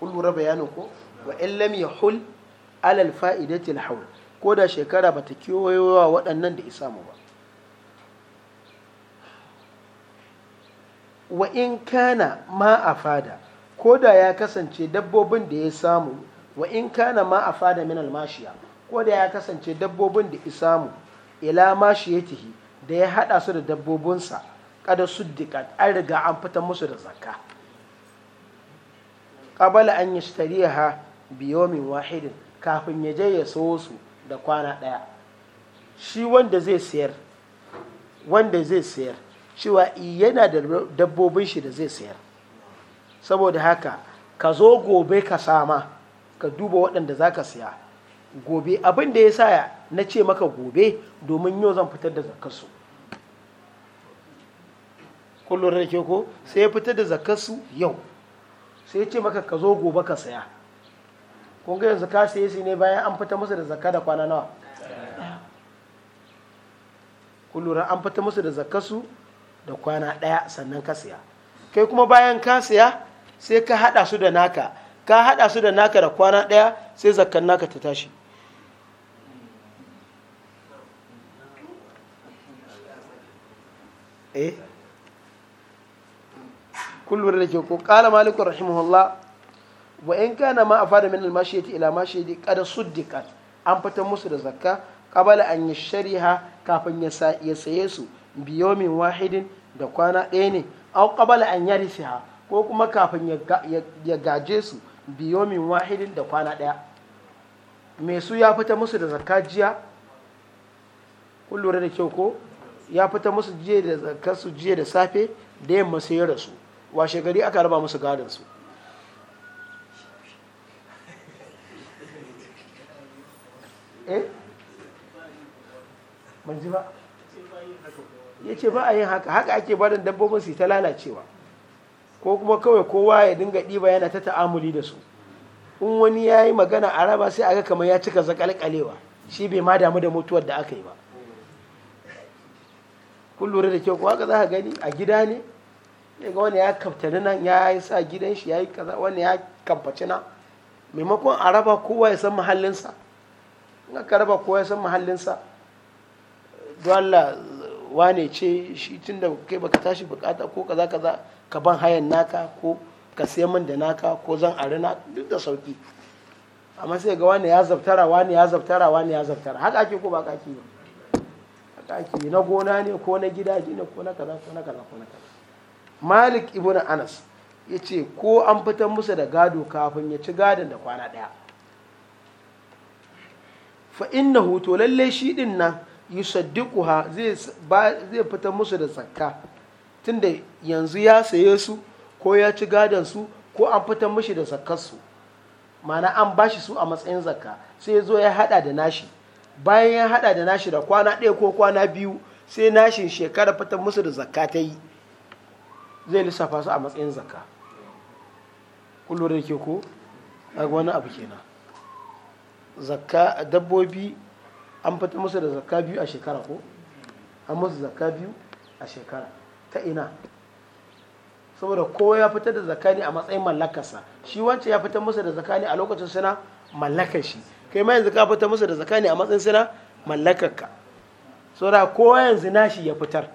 kullu lura bayanin ko wa in lam yahul alal fa'idati al ko da shekara bata kiyoyewa waɗannan da mu ba wa in kana ma afada ko da ya kasance dabbobin da ya samu wa in kana ma afada min almashiya ko da ya kasance dabbobin da isa mu ila mashiyatihi da ya hada su da dabbobinsa kada suddiqat an riga an fitar musu da zakka qabala an yashtariha biyomin wahidin kafin ya je ya so su da kwana ɗaya shi wanda zai sayar wanda zai sayar cewa yana da dabbobin shi da zai sayar saboda haka ka zo gobe ka sama ka duba waɗanda za ka siya gobe abin ya sa na ce maka gobe domin yau zan fitar da zakarsu kullum da ke ko sai ya fitar da zakarsu yau sai ya ce maka ka zo gobe ka saya kun ga yanzu ka saye ne bayan an fita musu da zakka da kwana nawa kulura lura an fita musu da su da kwana ɗaya sannan ka siya kai kuma bayan ka siya sai ka haɗa su da naka ka haɗa su da naka da kwana ɗaya sai zakkan naka ta tashi eh kun da ke ko kala malikun rahimahullah wa in kana ma afada min al-mashiyati ila mashiyati qad suddiqat an fitar musu da zakka qabala an yashriha kafin ya saye su biyomin wahidin da kwana ɗaya ne aw qabala an yarisha ko kuma kafin ya gaje su biyomin wahidin da kwana ɗaya me su ya fita musu da zakka jiya kun lura da kyau ko ya fita musu jiya da zakka su jiya da safe da yamma sai ya rasu washe gari aka raba musu gadon su eh ba ya ce ba a yin haka haka ake barin dabbobin su ta lalacewa ko kuma kawai kowa ya dinga ɗiba yana ta ta'amuli da su in wani ya yi magana a raba sai aga kamar ya cika zakalkalewa shi bai ma damu da mutuwar da aka yi ba kun lura da kyau ko ka za ka gani a gida ne ga wani ya kaftari nan ya yi sa gidan shi ya yi kaza wani ya kamfaci na maimakon a raba kowa ya san mahallinsa in karba raba kowa san mahallinsa dole wane ce shi tun da kai baka tashi bukata ko kaza kaza ka ban hayan naka ko ka siya min da naka ko zan ari na duk da sauki amma sai ga wani ya zaftara wani ya zaftara wani ya zaftara haka ake ko ba ka ake haka ake na gona ne ko na gida ne ko na kaza ko na kaza ko na kaza malik ibn anas ya ce ko an fitar musu da gado kafin ya ci gadon da kwana daya. fa inna hoto lalle shi din nan yusaddiquha zai zai fitar musu da zakka tunda yanzu ya saye su ko ya ci gadon su ko an fitar mushi da zakkar su ma'ana an bashi su a matsayin zakka sai ya zo ya hada da nashi bayan ya hada da nashi da kwana ɗaya ko kwana biyu sai nashin shekara fitar musu da zakka ta yi zai lissafa su a matsayin zakka kullum da ke ko a wani abu kenan zakka dabbobi an fita musu da zakka biyu a shekara ko an musu zakka biyu a shekara ta ina saboda kowa ya fitar da zakka ne a matsayin mallakarsa shi wancan ya fitar musu da zakka ne a lokacin suna mallakar shi kai ma yanzu ka fitar musu da zakka ne a matsayin suna mallakarka saboda kowa yanzu nashi ya fitar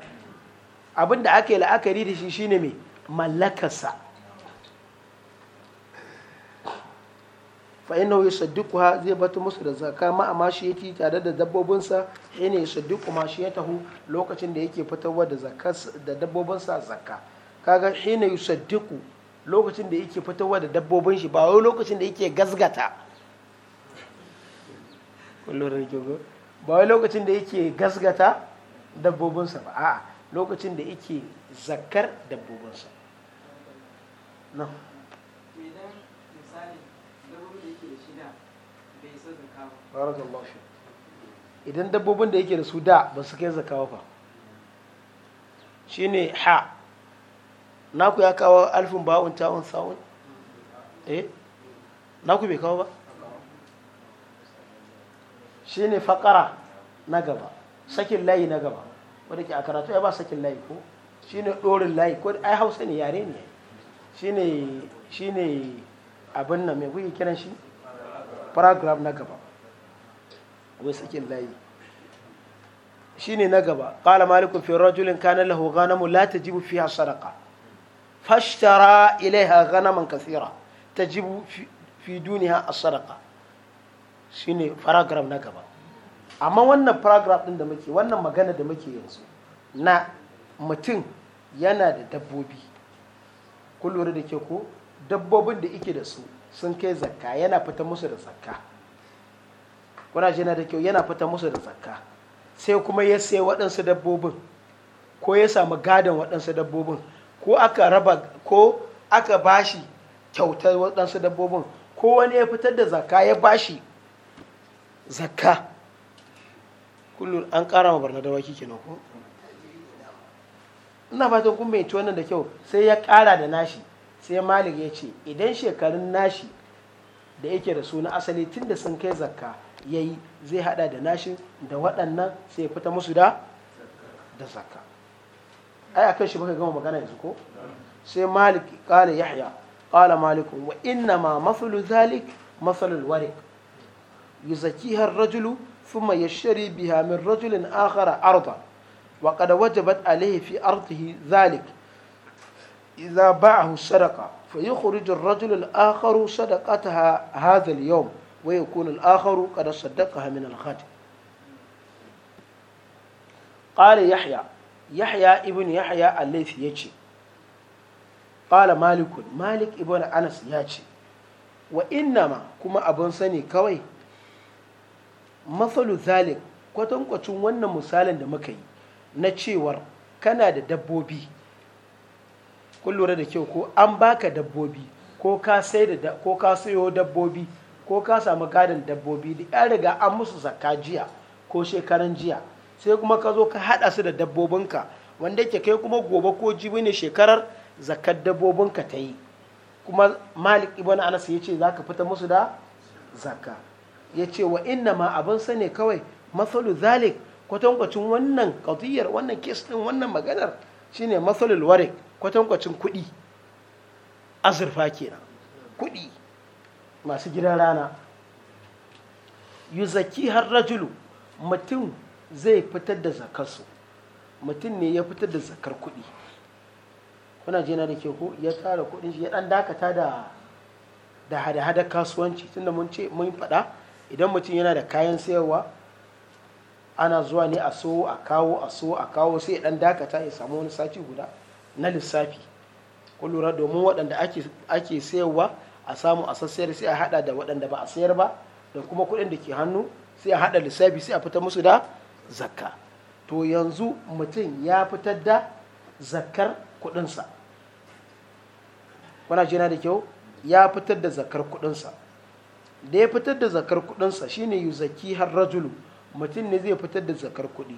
abin da aka yi la'akari da shi shine mai mallakarsa fa innahu yusaddiquha zai bata musu da zakka ma amma shi yake tare da dabbobinsa yana yusaddiqu ma shi tahu lokacin da yake fitarwa da zakka da dabbobinsa zakka kaga hina yusaddiqu lokacin da yake fitarwa da dabbobin shi ba wai lokacin da yake gazgata ba wai lokacin da yake gasgata dabbobinsa ba a lokacin da yake zakkar dabbobinsa nan idan dabbobin da yake da su da ba su kai zakawa shi shine ha na ku ya kawo alfin ba'un ta'un sa'un eh ku bai kawo ba ne fakara na gaba sakin layi na gaba wadda ke a karatu ya ba sakin layi ko shine dorin layi ko ai hausa ne yare ne shine shine abin nan mai kuke kiran shi paragraf na gaba wai sakin layi shine na gaba qala malikun fi rajulin kana lahu ghanamu la tajibu fiha sadaqa fashtara ilaiha ghanaman kathira tajibu fi duniya as-sadaqa shine paragraph na gaba amma wannan paragraph din da muke wannan magana da muke yanzu na mutum yana da dabbobi kun da ke ko dabbobin da ike da su sun kai zakka yana fita musu da zakka kuna ji da kyau yana fita musu da zakka sai kuma ya sai waɗansu dabbobin ko ya samu gadon waɗansu dabbobin ko aka raba ko aka bashi kyautar waɗansu dabbobin ko wani ya fitar da zakka ya bashi zakka kullum an ƙara ma barna dawaki kenan ko ina fatan kun mai wannan da kyau sai ya ƙara da nashi sai malik ya ce idan shekarun nashi da yake da su na asali tun da sun kai zakka ya yi zai hada da nashin da waɗannan sai fita musu da da zakka ai akan shi muka gama magana yanzu ko sai malik kala yahya kala malik wa inna ma mathlu zalik mathalul warik yuzakiha ar-rajulu thumma yashtari biha min rajulin akhara arda wa qad wajabat alayhi fi ardihi zalik إذا باعه الصدقة فيخرج الرجل الآخر صدقتها هذا اليوم wa yakunu al-akharu qad saddaqaha min al-khati qala yahya yahya ibn yahya al-laythi yace qala malik malik ibn anas yace wa inna ma kuma abun sani kawai mathalu zalik kwatan kwacin wannan misalan da muka yi na cewar kana da dabbobi kullure da kyau ko an baka dabbobi ko ka sayo dabbobi ko ka samu gadin dabbobi da ya riga an musu zakka jiya ko shekaran jiya sai kuma ka zo ka haɗa su da dabbobinka wanda yake kai kuma gobe ko jibi ne shekarar zakkar dabbobinka ta yi kuma malik ibn anas ya ce za ka fita musu da zakka ya ce wa inna ma abin sane kawai matsalu zalik kwatankwacin wannan kadiyar wannan kes din wannan maganar shine matsalul warik kwatankwacin kuɗi azurfa kenan kuɗi masu gidan rana yuzaki har rajulu mutum zai fitar da zakarsu mutum ne ya fitar da zakar kuɗi kuna jina da ke ko ya tara kuɗin shi ya ɗan dakata da da hada-hada kasuwanci tunda mun ce mun faɗa idan mutum yana da kayan sayarwa ana zuwa ne a so a kawo a so a kawo sai ya ɗan dakata ya samu wani sati guda na lissafi kun domin waɗanda ake sayarwa a samu a sassayar sai a hada da waɗanda ba a sayar ba da kuma kuɗin da ke hannu sai a hada lissafi sai a fita musu da zakka to yanzu mutum ya fitar da zakkar kuɗinsa kuna jina da kyau ya fitar da zakar kuɗinsa da ya fitar da zakar kuɗinsa shine yuzaki har rajulu mutum ne zai fitar da zakar kuɗi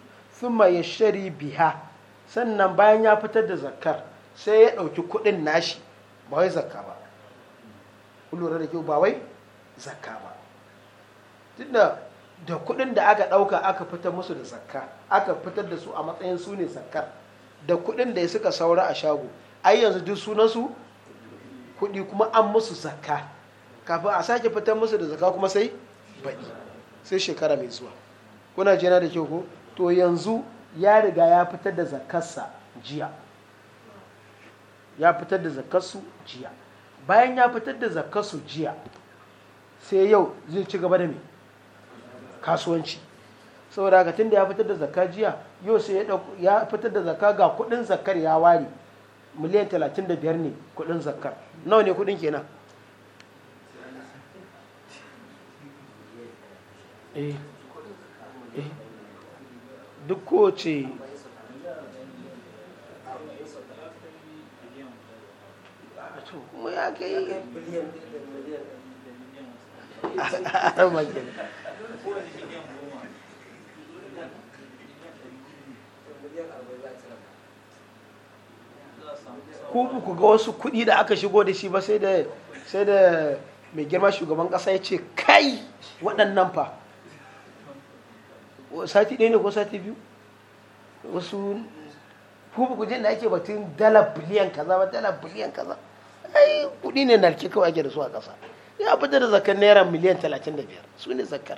ya shari biha sannan bayan ya fitar da zakar sai ya ɗauki kuɗin nashi ba wai zakka ba kun lura da kyau ba wai zakka ba tunda da kuɗin da aka ɗauka aka fitar musu da zakka aka fitar da su a matsayin su ne zakkar da kuɗin da suka saura a shago ai yanzu duk sunansu kuɗi kuma an musu zakka kafin a sake fitar musu da zakka kuma sai baɗi sai shekara mai zuwa kuna jina da kyau ko to yanzu ya riga ya fitar da zakkarsa jiya ya fitar da zakkarsu jiya bayan ya fitar da zakasu jiya sai yau zai ci gaba da mai kasuwanci saboda haka tun da ya fitar da zakka jiya yau sai ya fitar da zakka ga kudin zakkar ya ware miliyan 35 ne kudin zakkar nawa ne kudin kenan eh, eh. duk kowace kuma ya kai ku ku ga wasu kuɗi da aka shigo da shi ba sai da sai da mai girma shugaban ƙasa ya ce kai waɗannan fa sati ɗaya ne ko sati biyu wasu ku ku jin da ake batun dala biliyan kaza ba dala biliyan kaza ai kudi ne nalke kawai ake da su a ƙasa ya fitar da zakar naira miliyan 35 su ne zakar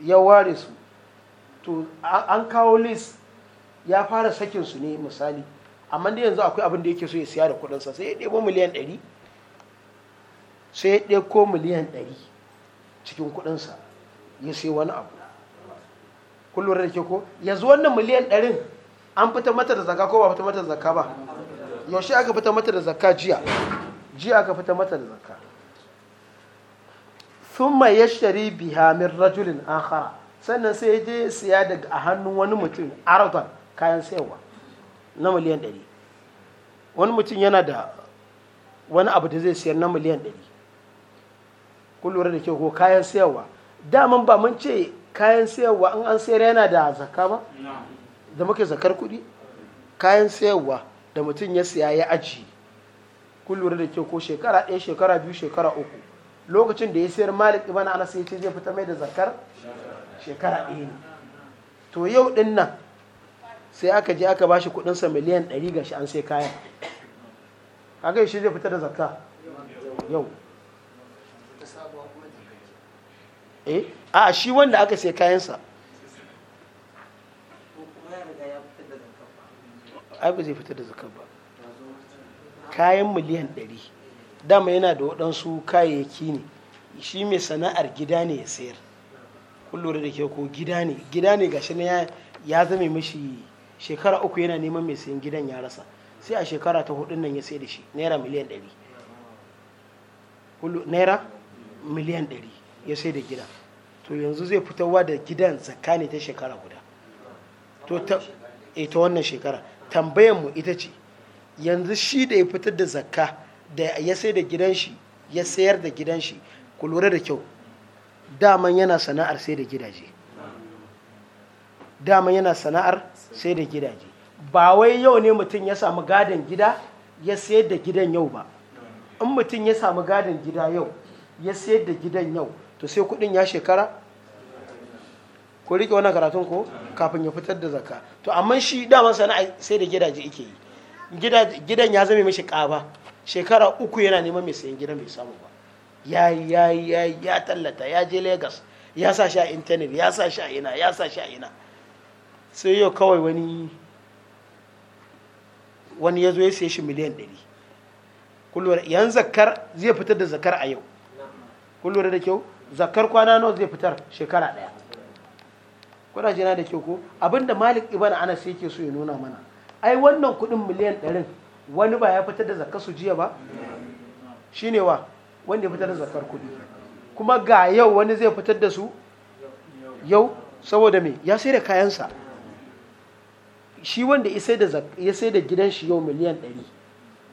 ya ware su to an kawo lis ya fara sakin su ne misali amma da yanzu akwai abin da yake so ya siya da kuɗinsa sai ya ɗebo miliyan 100 sai ya ɗeko miliyan 100 cikin kuɗinsa ya sai wani abu kullum da ke ko yanzu wannan miliyan 100 an fita mata da zakka ko ba fita mata da zakka ba yaushe aka fita mata da zakka jiya ji aka fita mata da zakka ya shari biha min rajulin akhara sannan sai je siya daga a hannun wani mutum aragon kayan sayarwa na miliyan 100 wani mutum yana da wani abu da zai siyar na miliyan 100 kun lura da ke ko kayan sayarwa daman ba mun ce kayan sayarwa in an sayar yana da zakka ba da muke zakar kuɗi kayan sayarwa da mutum ya siya ya aji kun lura da ke ko shekara ɗaya shekara biyu shekara uku lokacin da ya sayar malik ibn anas ya ce zai fita mai da zakar shekara ɗaya ne to yau ɗin nan sai aka je aka bashi kuɗinsa miliyan ɗari ga shi an sai kayan kaga shi zai fita da zakka yau eh a shi wanda aka sai kayansa ai ba zai fita da zakka ba kayan miliyan 100 dama yana da waɗansu kayayyaki ne shi mai sana'ar gida ne ya sayar kullum da ke ko gida ne gida ne gashi na ya zame mashi shekara uku yana neman mai sayan gidan ya rasa sai a shekara ta hudun nan ya sai da shi naira miliyan 100 naira miliyan 100 ya sai da gida to yanzu zai fitowa da gidan zakka ne ta shekara guda to ta eh, wannan shekara tambayanmu ita ce yanzu shi da ya fitar da zakka da ya sai da gidan shi ya sayar da gidan shi ku lura da kyau daman yana sana'ar sai da gidaje daman yana sana'ar sai da gidaje ba wai yau ne mutum ya samu gadon gida ya sayar da gidan yau ba in mutum ya samu gadon gida yau ya sayar da gidan yau to sai kudin ya shekara ku riƙe wannan karatun ko kafin ya fitar da zakka to amma shi daman sana'ar sai da gidaje ike yi gidan ya zama mishi ƙaba shekara uku yana neman mai sayan gidan mai samu ba ya ya ya ya tallata ya je Legas ya sa shi a intanet ya sa shi a ina ya sa shi a ina sai yau kawai wani wani ya zo ya saye shi miliyan ɗari kullum yan zakar zai fitar da zakar a yau kullum da kyau zakar kwana nawa zai fitar shekara ɗaya kuna jina da kyau ko abinda malik ana anas yake so ya nuna mana ai wannan kuɗin miliyan ɗarin wani ba ya fitar da zakar su jiya ba shine wa wanda ya fitar da zakar kuɗi kuma ga yau wani zai fitar da su yau saboda me ya sai da kayansa shi wanda ya sai da gidan shi yau miliyan ɗari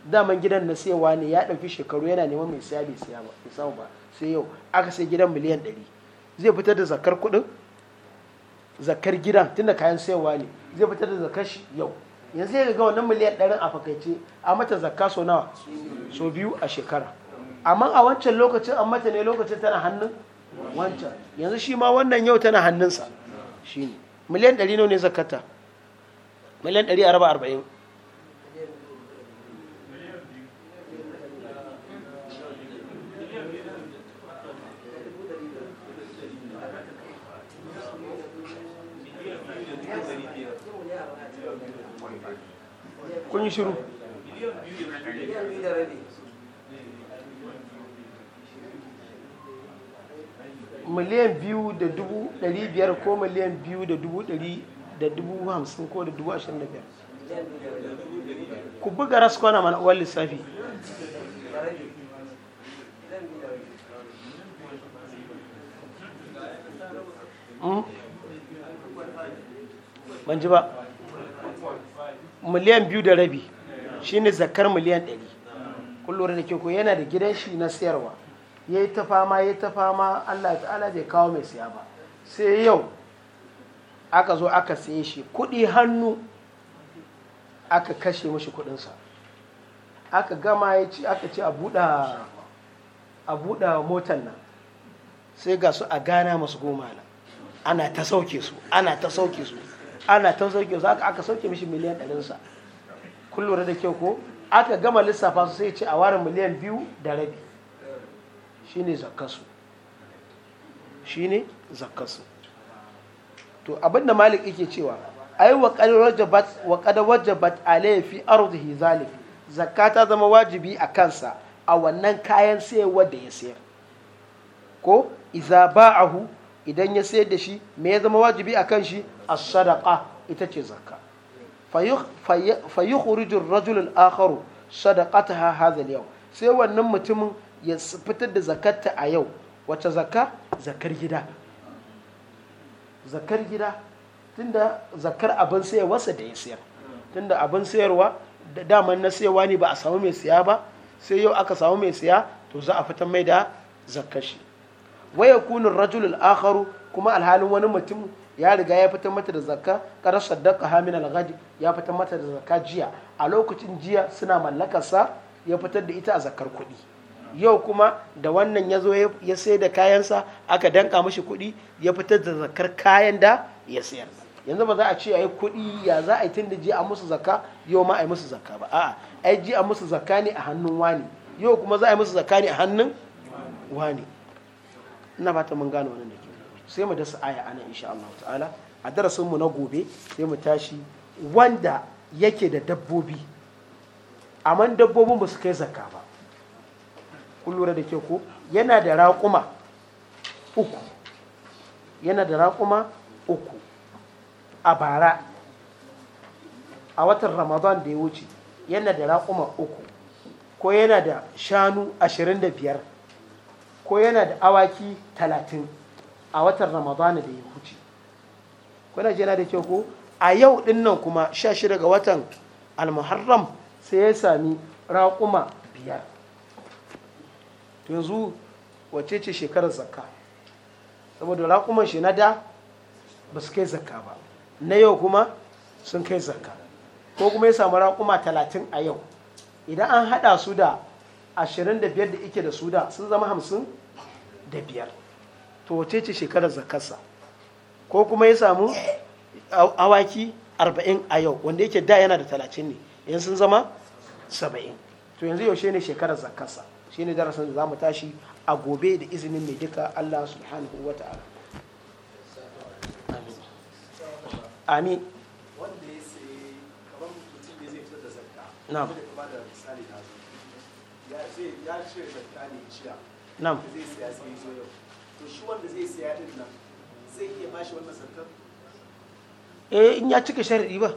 daman gidan na sayawa ne ya ɗauki shekaru yana neman mai saya bai saya ba samu ba sai yau aka sai gidan miliyan ɗari zai fitar da zakar kuɗin zakar gidan tunda kayan sayawa ne zai fitar da zakar shi yau yanzu ya ga wannan miliyan ɗarin a fakaice a mata zakka so nawa so biyu a shekara amma a wancan lokacin an mata ne lokacin tana hannun wancan yanzu shi ma wannan yau tana hannunsa shi ne miliyan ɗari ne zakkata miliyan ɗari a raba arba'in kun yi shiru miliyan biyu da dubu ɗari biyar ko miliyan biyu da dubu ɗari da dubu hamsin ko da dubu ashirin da biyar ku buga raskwana mana uwar lissafi hmm? ban ji ba miliyan biyu da rabi shine zakar miliyan ɗari kullum da ke ko yana da gidan shi na siyarwa ya yi ta fama ya yi ta fama allah ta'ala bai kawo mai siya ba sai yau aka zo aka siye shi kuɗi hannu aka kashe mashi kuɗinsa aka gama ya ci aka ci a buɗa motar nan sai ga su a gana masu goma ana ta sauke su ana ta sauke su ana ta sauke su aka sauke mishi miliyan ɗarinsa kun lura da kyau ko aka gama lissafa su sai ce a ware miliyan biyu da rabi shi ne shine shi to abinda malik yake cewa ai wa kada wajabat alayhi fi ardihi zalik zakka ta zama wajibi a kansa a wannan kayan sayarwa da ya sayar ko iza ba'ahu idan ya sayar da shi me ya zama wajibi a kan shi a sadaka ita ce zakka fa rajulun rajul al-akhar sadaqataha yau sai wannan mutumin ya fitar da zakatta a yau wacce zakka zakar gida zakar gida tunda zakar abin sayarwarsa da ya sayar tunda abin sayarwa da daman na sayarwa ne ba a samu mai siya ba sai yau aka samu mai siya to za a fitar mai da zakar waya kunun rajulul akharu kuma alhalin wani mutum ya riga ya fitar mata da zakka kada saddaka hamin alghadi ya fitar mata da zakka jiya a lokacin jiya suna mallakarsa ya fitar da ita a zakkar kuɗi yau kuma da wannan ya zo ya sai da kayansa aka danka mashi kuɗi ya fitar da zakkar kayan da ya sayar yanzu ba za a ce ai kuɗi ya za a yi tun da jiya a musu zakka yau ma a yi musu zakka ba a'a ai jiya a musu zakka ne a hannun wani yau kuma za a yi musu zakka ne a hannun wani ina fata mun gane wannan da ke sai mu dasa aya ana insha Allah ta'ala a darasinmu na gobe sai mu tashi wanda yake da dabbobi amma dabbobin ba su kai zakka ba kun lura da ke ko yana da raƙuma uku yana da raƙuma uku a bara a watan ramadan da ya wuce yana da raƙuma uku ko yana da shanu ashirin da biyar ko yana da awaki talatin a watan ramadana da ya huce kuna jina da kyau ko a yau din nan kuma sha shi daga watan almuharram sai ya sami raƙuma biyar To yanzu wace ce shekarar zakka saboda raƙuman shi na da ba su kai zakka ba na yau kuma sun kai zakka ko kuma ya samu raƙuma talatin a yau idan an haɗa su da ashirin da biyar da ike da su da sun zama hamsin da biyar to wace ce shekarar zakarsa ko kuma ya samu awaki arba'in a yau wanda yake da yana da talacin ne yanzu sun zama saba'in to yanzu yaushe ne shekarar zakarsa shi ne darasin da za mu tashi a gobe da izinin mai duka allah subhanahu wa ta'ala ya shirya eh, in ya cika sharadi ba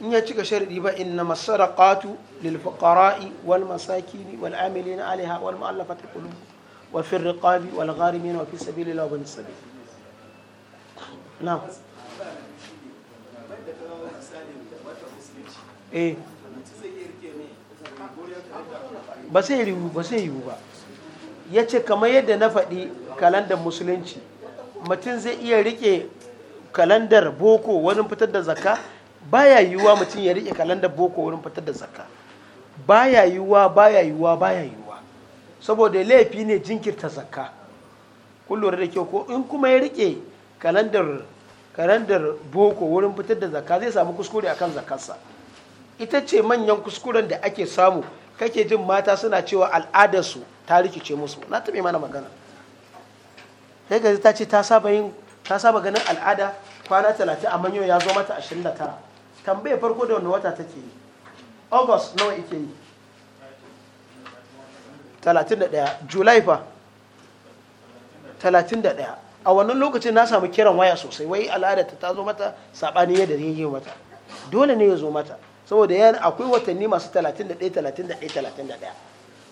in ya cika sharadi ba inna masadaqatu lil fuqara'i wal masakin wal amilin 'alaiha wal mu'allafati qulub wa fi riqabi wal gharimin wa ba sai yiwu ba sai yiwu ba ya ce kamar yadda na faɗi kalandar musulunci mutum zai iya riƙe kalandar boko wurin fitar da zakka baya yiwuwa mutum ya rike kalandar boko wurin fitar da zakka baya yiwuwa baya yiwuwa baya yiwuwa saboda laifi ne jinkirta zaka kun da kyau ko in kuma ya riƙe kalandar kalandar boko wurin fitar da zaka zai samu kuskure akan zakarsa ita ce manyan kuskuren da ake samu kake jin mata suna cewa al'adarsu ta rikice musu na taɓa mana magana sai gaji ta ce ta saba ganin al'ada kwana talatin amma yau ya zo mata ashirin da tara tambaye farko da wani wata take yi august nawa ike yi talatin da ɗaya july fa talatin da ɗaya a wannan lokacin na samu kiran waya sosai wai al'ada ta zo mata saɓani yadda zai yi mata dole ne ya zo mata saboda yana akwai watanni masu 31 31 31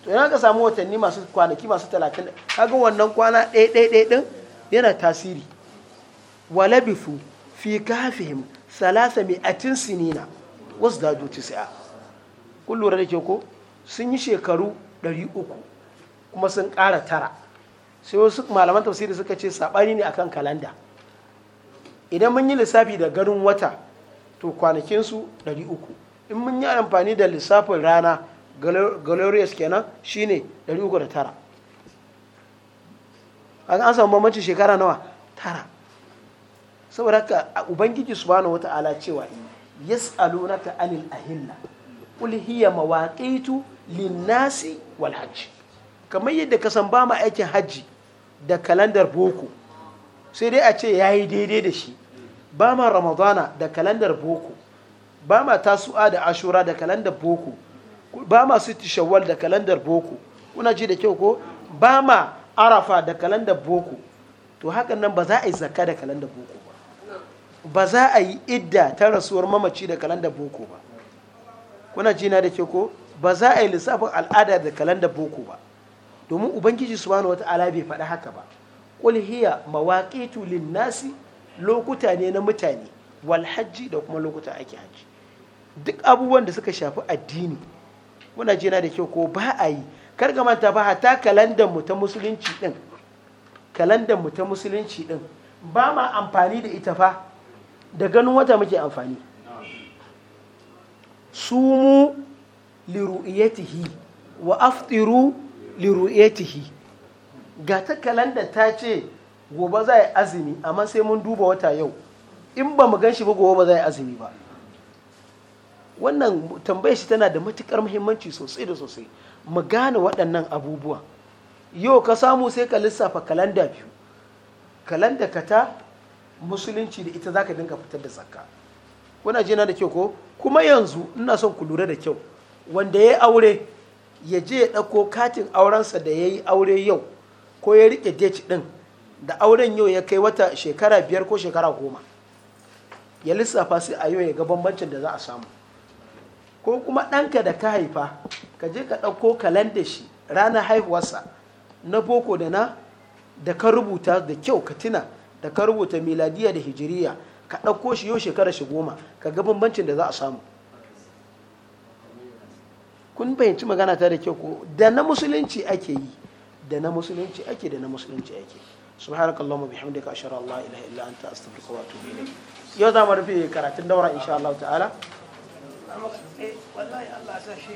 to yana ka samu watanni masu kwanaki masu 30 kaga wannan kwana 111 ɗaya yana tasiri walabifu fi kafihim salasa mai atin sinina wasu dadu sai kun lura da ke ko sun yi shekaru 300 kuma sun ƙara tara sai wasu malaman tafsiri suka ce saɓani ne akan kalanda idan mun yi lissafi da garin wata to kwanakinsu 300 in mun yi amfani da lissafin rana galerius kenan shine 309 an samu bambancin shekara nawa tara saboda haka ubangiji su wata ala cewa yas'alunaka anil ahilla qul mawaƙaitu linnasi walhaji kamar yadda ka san ba ma aikin hajji da kalandar boko sai dai a ce ya yayi daidai da shi ba ma ramadana da kalandar boko ba ma tasu'a da ashura da kalandar boko ba ma su tishawar da kalandar boko kuna ji da kyau ko ba ma arafa da kalandar boko to hakan nan ba za a yi zakka da kalandar boko ba ba za a yi idda ta rasuwar mamaci da kalandar boko ba kuna ji na da kyau ko ba za a yi lissafin al'ada da kalandar boko ba domin ubangiji wata ala bai faɗi haka ba qul hiya mawaqitu nasi lokuta ne na mutane wal da kuma lokuta ake hajji duk abubuwan da suka shafi addini muna jina da kyau ko ba a yi kar ga manta ba hata kalandar mu ta musulunci din kalandar mu ta musulunci din ba ma amfani da ita fa da ganin wata muke amfani sumu liru'iyatihi wa aftiru liru'iyatihi ga ta kalandar ta ce gobe za a yi azumi amma sai mun duba wata yau in ba mu gan shi ba gobe ba za a yi azumi ba wannan tambayar shi tana da matukar muhimmanci sosai da sosai mu gane waɗannan abubuwa yau ka samu sai ka lissafa kalanda biyu kalanda ka ta musulunci da ita zaka dinga fitar da tsaka. kuna jina da kyau ko kuma yanzu ina son ku lura da kyau wanda ya aure ya je ya ɗauko katin aurensa da ya yi aure yau ko ya riƙe deci ɗin da auren yau ya kai wata shekara biyar ko shekara goma ya lissafa sai a yau ya ga bambancin da za a samu ko kuma ɗanka da ka haifa ka je ka ɗauko kalandashi shi ranar haihuwarsa na boko da na da ka rubuta da kyau ka tuna da ka rubuta miladiya da hijiriya ka ɗauko shi yau shekara shi goma ka ga bambancin da za a samu kun fahimci magana ta da kyau ko da na musulunci ake yi da na musulunci ake da na musulunci ake subhanakallahumma bihamdika yau za mu rufe karatun daura insha Eh, wallahi Allah sa shi